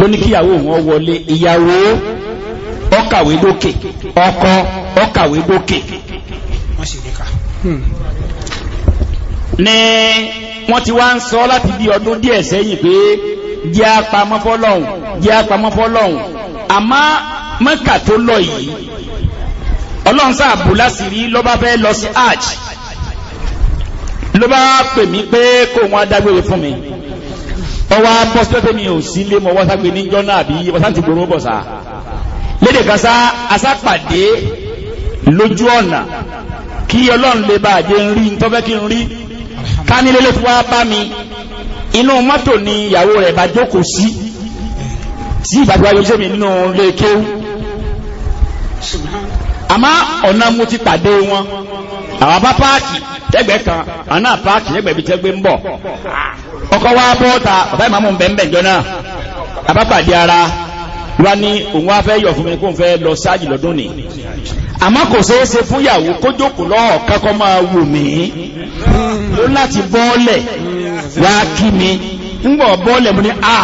lóníkíyàwó wọn wọlé ìyàwó ọkàwé lókè ọkọ ọkàwé lókè ní hmm. wọ́n ti wá ń sọ láti bí ọdún díẹ̀ sẹ́yìn pé jẹ́ apamọ́fọ́lọ́hùn jẹ́ apamọ́fọ́lọ́hùn àmọ́ mẹ́kà tó lọ yìí ọlọ́run sáà bù lásìrí ló bá fẹ́ lọ sí hajj ló bá pè mí pé kó wọn dágbére fún mi ọwọ́ abọ́sítọ́tẹ́ mi ò sí lé mọ́ wọ́n sáà pé níjọ́ náà àbí wọ́n sáà ti gbòòrò bọ̀ sáà lédè kan sá asápàdé lójú ọ̀nà kí ọlọ́run lè bá àjẹ́ ń rí tọ́fẹ́ kí n rí ká nílé ló fi wá bá mi inú mọ́tò ni ìyàwó rẹ̀ bá jókòó sí tí ìbàdàn ayọ́ sẹ́mi nínú ilé kéwú àmọ́ ọ̀nà mo ti pàdé wọn àwọn bá páàkì tẹ́gbẹ̀ẹ́ kan àná páàkì tẹ́gbẹ̀ẹ́ bí tẹ́gbẹ́ ń bọ̀ ọkọ̀ wa bọ́ta bàbá ìmàmù bẹ́ẹ̀ bẹ́ẹ̀ jọ náà àbápàdé ara ló bá ní òun wá fẹ́ yọ̀ fún mi kó n fẹ́ lọ ṣáàjì lọ́dún ni àmọ́ kò ṣeé ṣe fún ìyàwó kó jókòó lọ́ọ̀ kẹ́kọ́ máa wù mí ó láti bọ́ọ̀lẹ̀ wá kí mi ń gbọ̀ bọ́ọ̀lẹ̀ mo ní a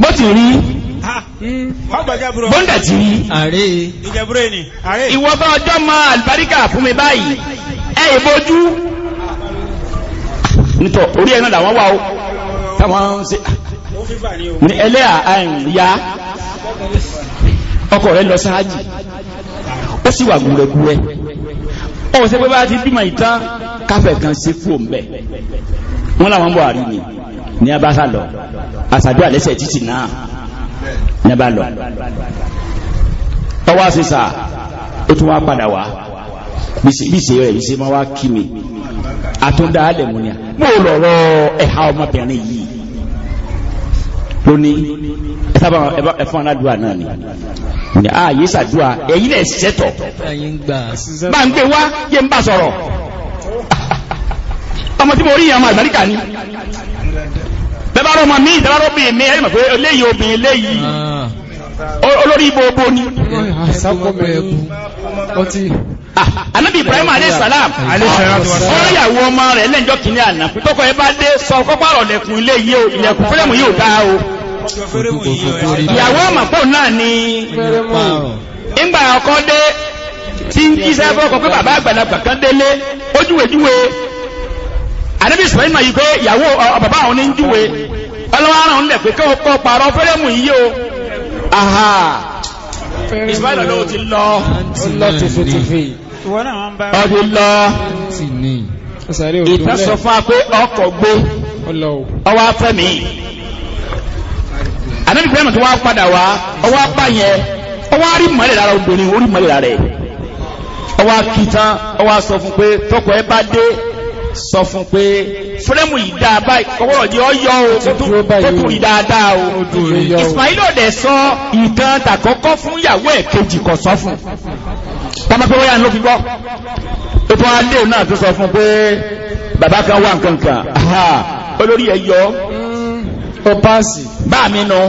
bó ti rí bọ́ndà ti rí ìwọ ọjọ́ máa àlùbáríkà fún mi báyìí ẹ̀ ìbojú nítọ̀ ẹ̀ náà làwọn wà ó táwọn ṣe ní ẹlẹ́à àìyá ọkọ rẹ̀ lọ sáájì ó sì wà gúrẹ́gúrẹ́ ọwọ́ sẹ́gbẹ́ bá ti bímọ ìtàn káfẹ̀ kan sí fún òun wọ́n làwọn bọ̀ àrí ni ní a bá sá lọ àṣàjọ àlẹ́sẹ̀ títì náà ní a bá lọ ọwọ́ àṣìṣà ó tún wá padà wá bí ṣe rẹ̀ bí máa wá kí mi àtúndà alẹ̀ ni à mo lọ̀rọ̀ ẹ̀ha ọmọbìnrin yìí lónìí ẹ sábà ẹfọn aládùúà náà ni ní ààyè sàdúà ẹ̀yin lẹ̀ ṣẹ́tọ̀ bá ń gbé wá yé ń bá sọ̀rọ̀ ọmọ tí mo rí àwọn àgbàríkà ni bẹ́ẹ̀ bá rọ ọmọ mi ìdárárọ́ bíi mi ẹ̀yìn mọ̀ pé eléyìí obìnrin eléyìí ah. olórí ibo obo ni anábì ah, ibrahim aleyhisalaam wọ́n yàwó ọmọ rẹ̀ lẹ́njọ́ kìíní àná pítọ́kọ̀ ẹ bá dé sọ kọ́kọ́ àrọ̀ lẹ́kùn ilé yìí o ilẹ̀kùn fúrẹ́mù yìí ò dáa o ìyàwó ọmọ pọ̀ náà ni ńgbà ọkọ dé tí ń kíṣẹ́ fọ́kọ̀ pé bàbá àgbàlagbà kan délé ó júwèjúwe anábì ibrahim yìí pé ìyàwó bàbá àwọn ní ọlọ́wọ́ àrùn ń lẹ̀ pé kọ́ pààrọ̀ fúrẹ́mù yìí aha ìsìláìlọ́lọ́wọ́ ti lọ ọdún lọ ìtàsọ fún wa pé ọkọ̀ gbé ọwọ́ afẹ́mi àdébí pẹ́lú tó wá padà wá ọwọ́ apá yẹn ọwọ́ mọ́lẹ̀ lára odò ni orí mọ́lẹ̀ lára ẹ̀ ọwọ́ akitán sọ fún pé tọkọ ẹ bá dé sọ fún pé fúrẹ́mù yìí báyìí ọwọ́ ọ̀dí ọyọ́ o tó tún rí o Ismail ọ̀dẹ̀ sọ ìtàn tàkọ́kọ́ fún ìyàwó ẹ̀ kejì kọ̀ sọ fún tọ́mọ́ pé wáyà ló fi gbọ́ ètò alẹ́ òun náà tó sọ fún pé bàbá kan wà nǹkan kan olórí ẹ̀ yọ ọ páàsì bá mi nù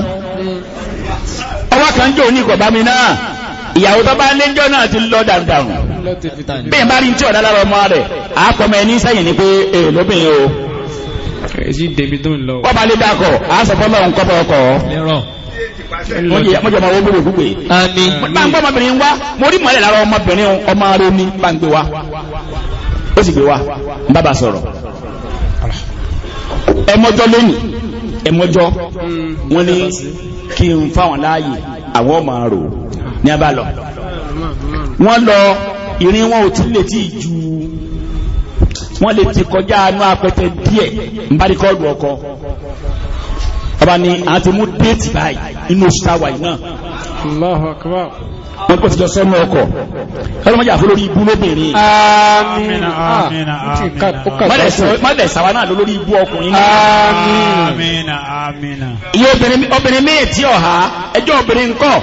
ọwọ́ kan jò ní ìkọ̀bá mi náà ìyàwó tó bá lé jọ náà ti lọ dàrúdàrú bí n bá rí tí ọ̀dá lára ọmọ rẹ̀ àákọ́mọ ẹni sẹ́yìn ni pé èè lóbìnrin o. èyí débi tó ń lọ. wọ́n bá lé dákọ̀ àá sọ fọ́lọ́ nǹkan bọ̀ ọkọ̀. mọ̀jẹ̀ máa wọ́n gbogbo gbogbo ọmọbìnrin wa mọ̀lẹ́ ọmọbìnrin ọmọ ní wa ó sì gbé wa bá ba sọ̀rọ̀ wọn kí n fáwọn láàyè àwọn ọmọ lọ tí lè kọjá anú apẹtẹ ọkọ ọba ni a ti mú déètì báyìí inú oṣù táwa Allahu Akbar. wọ́n kò ti lọ sọ́nà ọkọ̀ ẹ̀rọ mọ́jà fún lórí ibú lóbìnrin. àmín àmín àmín. mọ́lẹ̀ sàwa náà lórí ibú ọkùnrin náà. àmín àmín. iye obìnrin míì tí ọ̀há ẹjọ́ obìnrin kọ̀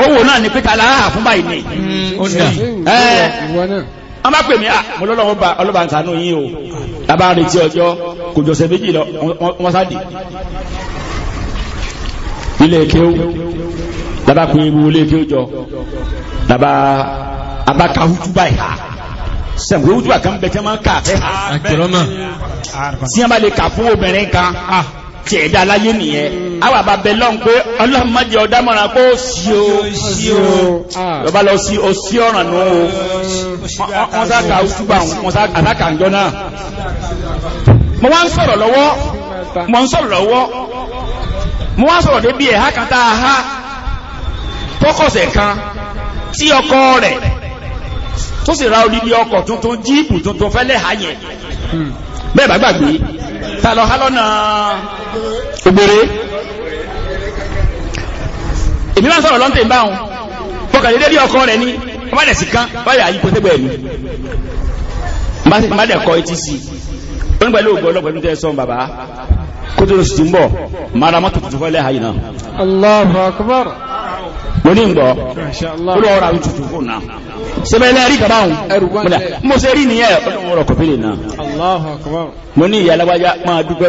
owó náà ni pété aláhà fún báyìí ni. Mm, ó ní wọ́n bá pè mí mo lọ́lọ́wọ́ bá ọlọ́bàá ṣàánú yín o tàbá retí ọjọ́ kò jọ̀sẹ̀ méjì lọ wọ́n sáà dì ilé kéwú tàbá pè mú ilé kéwú jọ tàbá abáka hútúbà ìhà sẹ̀mùkú hútúbà kan bẹ̀ tẹ́ máa kà àtẹ́ àkìrọ́mà tí wọ́n bá lè kà fún obìnrin kan tiẹ̀ dá láyé nìyẹn àwọn àbábẹ́ lọ́n pé ọlọ́mọdé ọ̀dámọ̀ràn kó sí o sí o ah. lọ́ba lọ sí o sí ọ̀ràn nù o wọ́n sáka túbà wọ́n sáka ń jọ náà mo wá ń sọ̀rọ̀ lọ́wọ́ mo ń sọ̀rọ̀ lọ́wọ́ mo wá ń sọ̀rọ̀ débi ẹ̀há kan tá a há tọkọ̀sẹ̀ kan tí ọkọ rẹ̀ tó sì ra olílé ọkọ̀ tuntun jíìpù tuntun fẹ́lẹ́ hà yẹn hmm. bẹ́ẹ̀ bá gbàgbé ta lọ hálọ́nà ògbèrè èmi máa sọ̀rọ̀ lọ́ntẹ̀ bá wọn fọkànlélé bí ọkọ rẹ̀ ní wọ́n dẹ̀ sí kán báyà yìí kó mi má dẹ̀ kọ́ etí sí i ó ní ọlọ́pàá ní tẹ́ sọ́n bàbá kó lọ sí ti ń bọ̀ máa ra mọ́tò tuntun fọ́lẹ́ náà. Allahu Akbar mo ní gbọ́ olóòrà tuntun fún náà sẹ́bẹ̀lẹ̀ rí kaba ẹrùgbọ́n mo ṣe rí nìyẹn ọdún ọ̀rọ̀ náà mo ní ìyá alágbájá máa dúpẹ́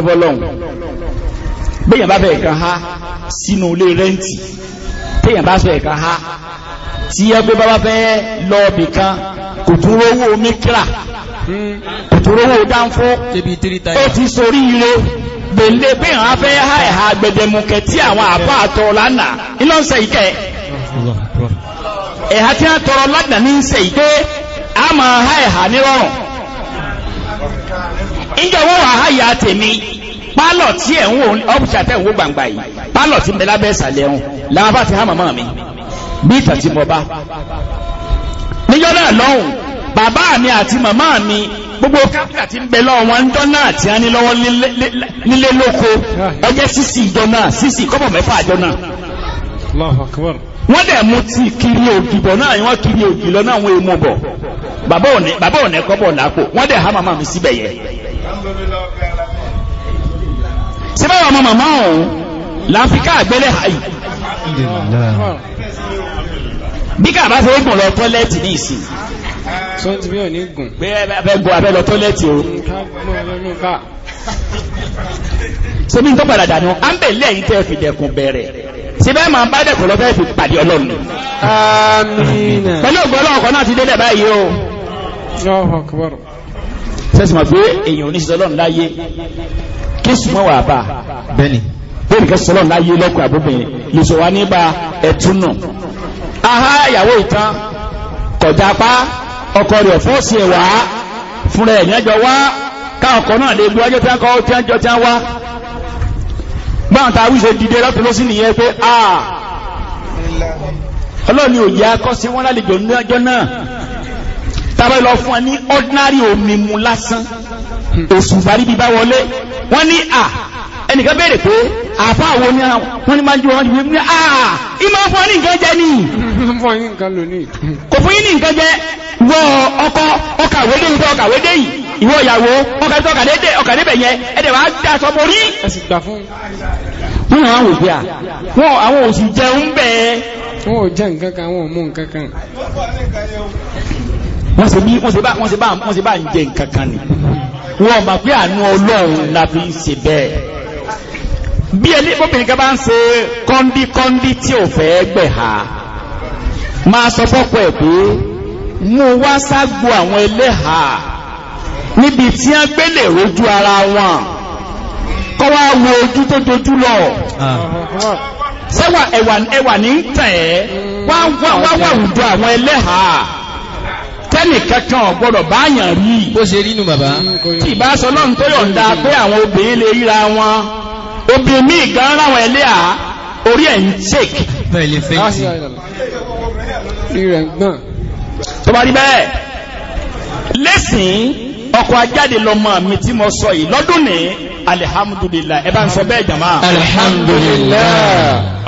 bẹ́yàn bá fẹ́ ẹ̀ka ha sínú ilé rẹ́ǹtì bẹ́yàn bá fẹ́ ẹ̀ka ha tí ẹgbẹ́ bá fẹ́ lọ bìkan kò tún rówó mikra kò tún rówó dánfó ó ti sorí ire gbèlè bẹ́yàn bá fẹ́ ha ẹ̀ha gbẹdẹmukẹ tí àwọn àbá àtọ̀ lánàá ńlọ́sẹ̀ ìkẹ́ ẹ̀há tí a tọrọ ládà ní ṣe ìgbé a máa ha ẹ̀há nírọ̀rùn ìjọ wọ́n ha ya tèmi pálọ̀ tí ẹ̀ ń wò gbangba yìí pálọ̀ tí ń bẹ lábẹ́ ẹ̀hún làwọn bá ti há màmá mi bí ti mọ̀ bá níjọ́ náà lọ́hùn bàbá gbogbo wọn ń ní nílé lóko sísì ìjọ náà sísì wọ́n dẹ̀ mú ti kiri ògì bọ̀ náà wọ́n kiri ògì lọ náà wọ́n èmú bọ̀ bàbá òní kọ́bọ̀ lápò wọ́n dẹ̀ há màmá mi síbẹ̀ yẹ. síbẹ̀ wà mọ́ màmá ọ̀hún láfíkà àgbélẹ̀ àyè. bí ká bá fẹ́ gùn lọ tọ́lẹ́ẹ̀tì ní ìsìn. sọ́ńtì mi ò ní gùn. pé abẹ́ gùn abẹ́ lọ tọ́lẹ́ẹ̀tì o. sẹ́mi ń tọ́ padà dànù à ń bẹ̀ lẹ́yìn tẹ́ fìdẹ̀kùn bẹ̀rẹ̀ síbẹ̀ máa bá dẹ̀kọ̀ lọ́fẹ́ fi pàdé ọlọ́run pẹ̀lú ògbọ́lọ́ ọkọ̀ náà ti délẹ̀ báyìí o sẹ́sì máa gbé èèyàn oníṣẹ́ ọlọ́run láyé kí súnmọ́ wà bá bẹ́ẹ̀ni bẹ́ẹ̀ni kẹ́sì ọlọ́run láyé lọ́kọ̀ àbúbìnrin lùsọ̀ wá nípa ẹ̀túnù aha ìyàwó ìtàn kọjá pa ọkọ rẹ̀ fọ́ọ̀sì ẹ̀wà fúnra ẹ̀ níjọ wá ká ọkọ̀ náà lè gbọ́ ọjọ́ tí wọ́n kọ́ tí wọ́n jọ tí wọ́n wá báwọn tàà wíṣe dìde lọ́tún ló sí nìyẹn pé àà ah, ọlọ́ni ò yá kọ́ sí wọ́n lálejò níjọ́ náà tàbí lọ fún ẹ ní ordinary omi mu lásán òṣùfàrí bíbá wọlé wọ́n ní à ah, ẹnìkan béèrè pé àfá àwọn ní wọ́n ní máa jí wọ́n ní àà ah, ìmọ̀ fún ní nǹkan jẹ ní kò fún ní nǹkan jẹ wọ ọkọ ọkàwédé ìfẹ́ ọkàwédé yìí ìwọ ìyàwó ọkàdébẹ̀ yẹn ẹ̀dẹ̀ wà á dá sọ mọ́ rí wọ́n àwọn òfin à wọ́n àwọn òsì jẹun bẹ́ẹ̀ wọ́n ò jẹ́ nǹkan kan wọ́n ò mú nǹkan kan wọ́n ṣe bí wọ́n ṣe bá ń jẹ nǹkan kan ni wọ́n mọ̀ pé àánú ọlọ́run la fi ń ṣe bẹ́ẹ̀ bí ẹlẹ́gbọ́bìnrin kan bá ń ṣe kọ́ndíkọ́ndí tí ò fẹ́ gbẹ̀ ha máa sọ fọ́pọ̀ ẹ̀ pé mú wá ságbo àwọn ẹlẹ́hà níbi tí wọ́n gbélé rojú ara wọn kọ́ wá wo ojú tó dojú lọ sẹ́wà ẹ̀wà ní tẹ̀ ẹ́ wá wá wá àwùjọ àwọn ẹlẹ́hà tẹ́nì kankan ọ̀gbọ́dọ̀ báyàn rí bó ṣe rí nù bàbá tí ìbá sọ lọ́run tó yọ̀ǹda pé àwọn obìnrin lè ríra wọn obìnrin míì gan ráwọn ẹlẹ́ à orí ẹ̀ ń tèk tó bá rí bẹ́ẹ̀ lẹ́sìn ọkọ̀ ajáde lọmọ mi tí mo sọ yìí lọ́dún ní alihamudulila ẹ ń sọ bẹ́ẹ̀ jama Alhamdulillah.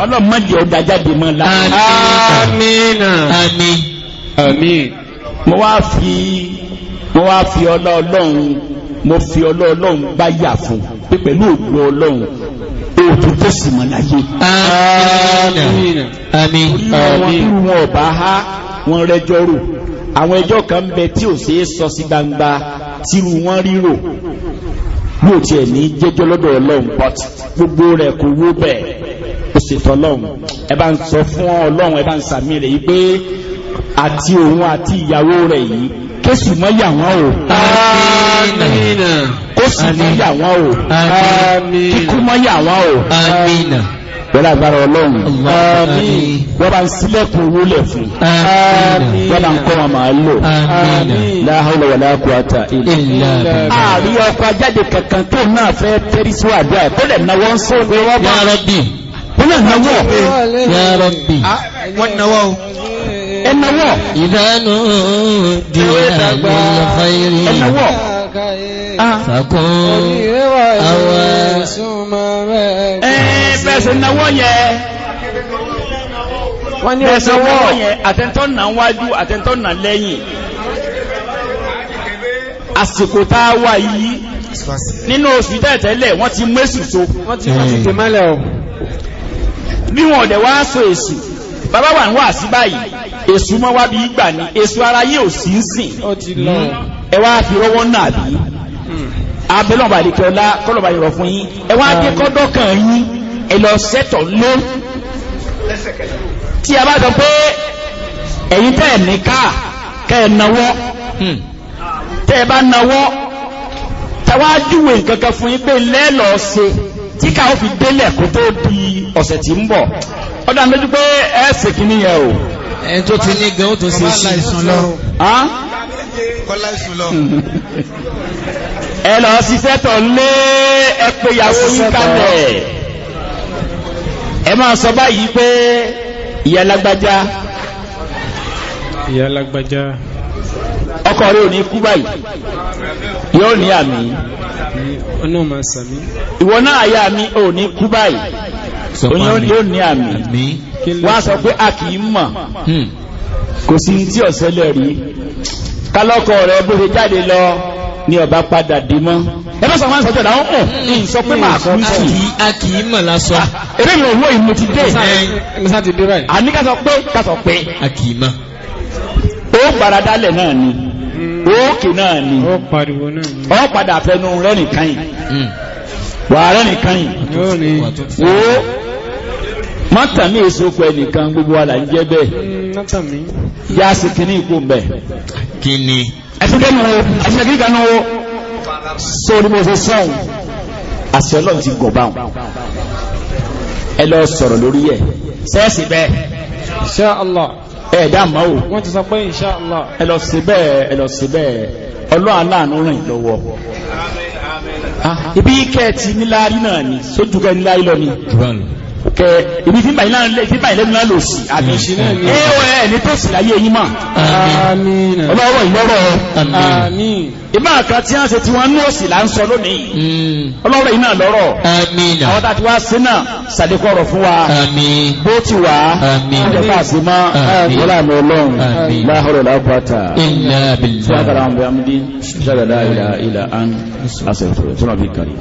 ọlọ́mọdé ọjà jáde mọ́ la amina amin amin mo wá fi mo wá fi ọlọ́ọ̀lọ́hun mo fi ọlọ́ọ̀lọ́hun gbáyà fún un pé pẹ̀lú ògùn ọlọ́run òtún tó sì mọ̀ láyé. àmín àmín àmín irú wọn ọba ha wọn rẹjọ rò àwọn ẹjọ́ kan ń bẹ tí ò ṣeé sọ sí gbangba tírú wọn rírò yóò tiẹ̀ ní jẹ́jọ́ lọ́dọ̀ ọlọ́run but gbogbo rẹ̀ kò wó bẹ́ẹ̀ ó sì tọ́lọ́run ẹ bá ń sọ fún ọlọ́run ẹ bá ń sàmì rẹ̀ yìí pé àti òun àti ìyàwó rẹ̀ yìí késù mọ́ yà wọ́n o ó sì mọ́ yà wọ́n o kíkú mọ́ yà wọ́n o pẹ̀lú agbára ọlọ́run wọ́n bá ń sílẹ̀kùn owó lẹ̀ fún wọ́n bá ń kọ́ wọn máa lò la hawla wala quwwata illa ààrí ọkọ̀ ajáde kankan tó náà fẹ́ tẹ́rí sí wàdí àkọlẹ̀ náwó ń sọ pé wọ́n bá rọ́bì wọ́n náà náwó ya rabbi ah, wọ́n náwó ẹnáwó ìdánù dìrà lọ́fà ìrìn ẹnáwó fàkún ah. àwọ̀ eh, ẹ̀ẹ́bẹ̀ẹ̀sẹ̀ náwọ́ yẹ bẹ̀ẹ̀sẹ̀ náwọ́ yẹ àtẹ́ntọ́ nà wájú àtẹ́ntọ́ nà lẹ́yìn àsìkò tá a wà yìí nínú oṣù tẹ́ẹ̀tẹ́lẹ̀ wọ́n ti mú èsù so wọ́n ti tè bí wọn ọ̀dẹ̀ wá so èsù bàbá wà ń wà sí báyìí èsù mọ́ wá bí gbà ní èsù ara yìí ò sí ń sìn ẹ wá fi rọ́wọ́ náà bí abẹ́lọ́ba àdìkẹ́ ọlá kọ́lọ́ba yọ̀rọ̀ fún yín ẹ wá dé kọ́dọ̀ kan yín ẹ lọ sẹ́tọ̀ lé tí a bá sọ pé ẹ̀yin tẹ́ ẹ̀ ní káà kẹ́ ẹ̀ nawọ́ hmm. tẹ́ ẹ bá nawọ́ tẹwájúwe nǹkan fún yín pé lẹ́lọ́ọ̀ṣe tí ká ó fi délẹ̀ kó tó di ọ̀sẹ̀ tí ń bọ̀ ó dá méjì pé ẹ ṣèkí nìyẹn o. ẹni tó ti ní gan ó tó ṣe ṣí kọ́lá ìsùn lọ. ẹ lọ ṣiṣẹ́ tọ̀ lé ẹpẹ ìyàwó yín kalẹ̀ ẹ máa sọ báyìí pé ìyá lágbájá ìyá lágbájá ọkọ rẹ ò ní kú báyìí yóò ní àmì ìwọ náà àyà mi ò ní kú báyìí yóò ní àmì wọ́n á sọ pé a kì í mọ̀ hmm. kò sí tí ọ̀sẹ́lẹ̀ rí kálọ́kọ̀ rẹ̀ bó ṣe jáde lọ ní ọba padà dì mọ́ ẹgbẹ́ sọ máa ń sọ jọ̀dá ń hàn ní sọ pé máa kọ́ sí a kì í mọ̀ lásọ ah, eré mi ò wó ìmú ti dé àní ká pé ká pé a kì í mọ̀ ó gbàradálẹ̀ náà ni òkè hmm. náà ni ó padà fẹnu rẹ́nìkan yìí hmm. wà rẹ́nìkan yìí ó mọ́tàmí èso pẹ̀ nìkan gbogbo wàlà ń jẹ́ bẹ́ẹ̀ mm, yá sí kìíní ìkó mbẹ́ kìíní ẹ̀sìnkẹ́nu wo ẹ̀sìnkẹ́nu kan wo sórí mo ṣe sọ́hùn àṣẹ ọlọ́run ti gọ̀ báwọn ẹ lọ sọ̀rọ̀ lórí ẹ̀ sẹ́ẹ̀sì bẹ́ẹ̀ insha Allah ẹ̀dá àmọ́ o wọ́n ti sọ pé insha Allah ẹ lọ sí bẹ́ẹ̀ ẹ lọ sí bẹ́ẹ̀ ọlọ́run aláàánú rìn lọ́wọ́ ah, ibi kẹ́ẹ̀tì níláàrí náà ni sójúkẹ́ níláàrí lọ ni kẹ ibi tí báyìí lẹ́nu náà lò sí àbí ẹ̀wọ̀ ẹni tó sì láyé yí mọ̀ ọlọ́wọ́ ìlọ́rọ̀ ìmọ̀ àkà tí wọ́n ṣe tí wọ́n ní òsì là ń sọ lónìí hmm. ọlọ́rọ̀ iná lọ́rọ̀ àwọn tá a ti wá sí náà ṣàdékọ̀ ọ̀rọ̀ fún wa bó ti wà ìjọba àti mọ́ ìwọlá àmì ọlọ́run láhọ̀rọ̀ lápáta tí wọ́n kára àwọn bẹ̀rẹ̀ àmì dín ṣàgàdá ìlà ìlà àṣẹ ìfọ̀rọ̀ tó náà fi kàrí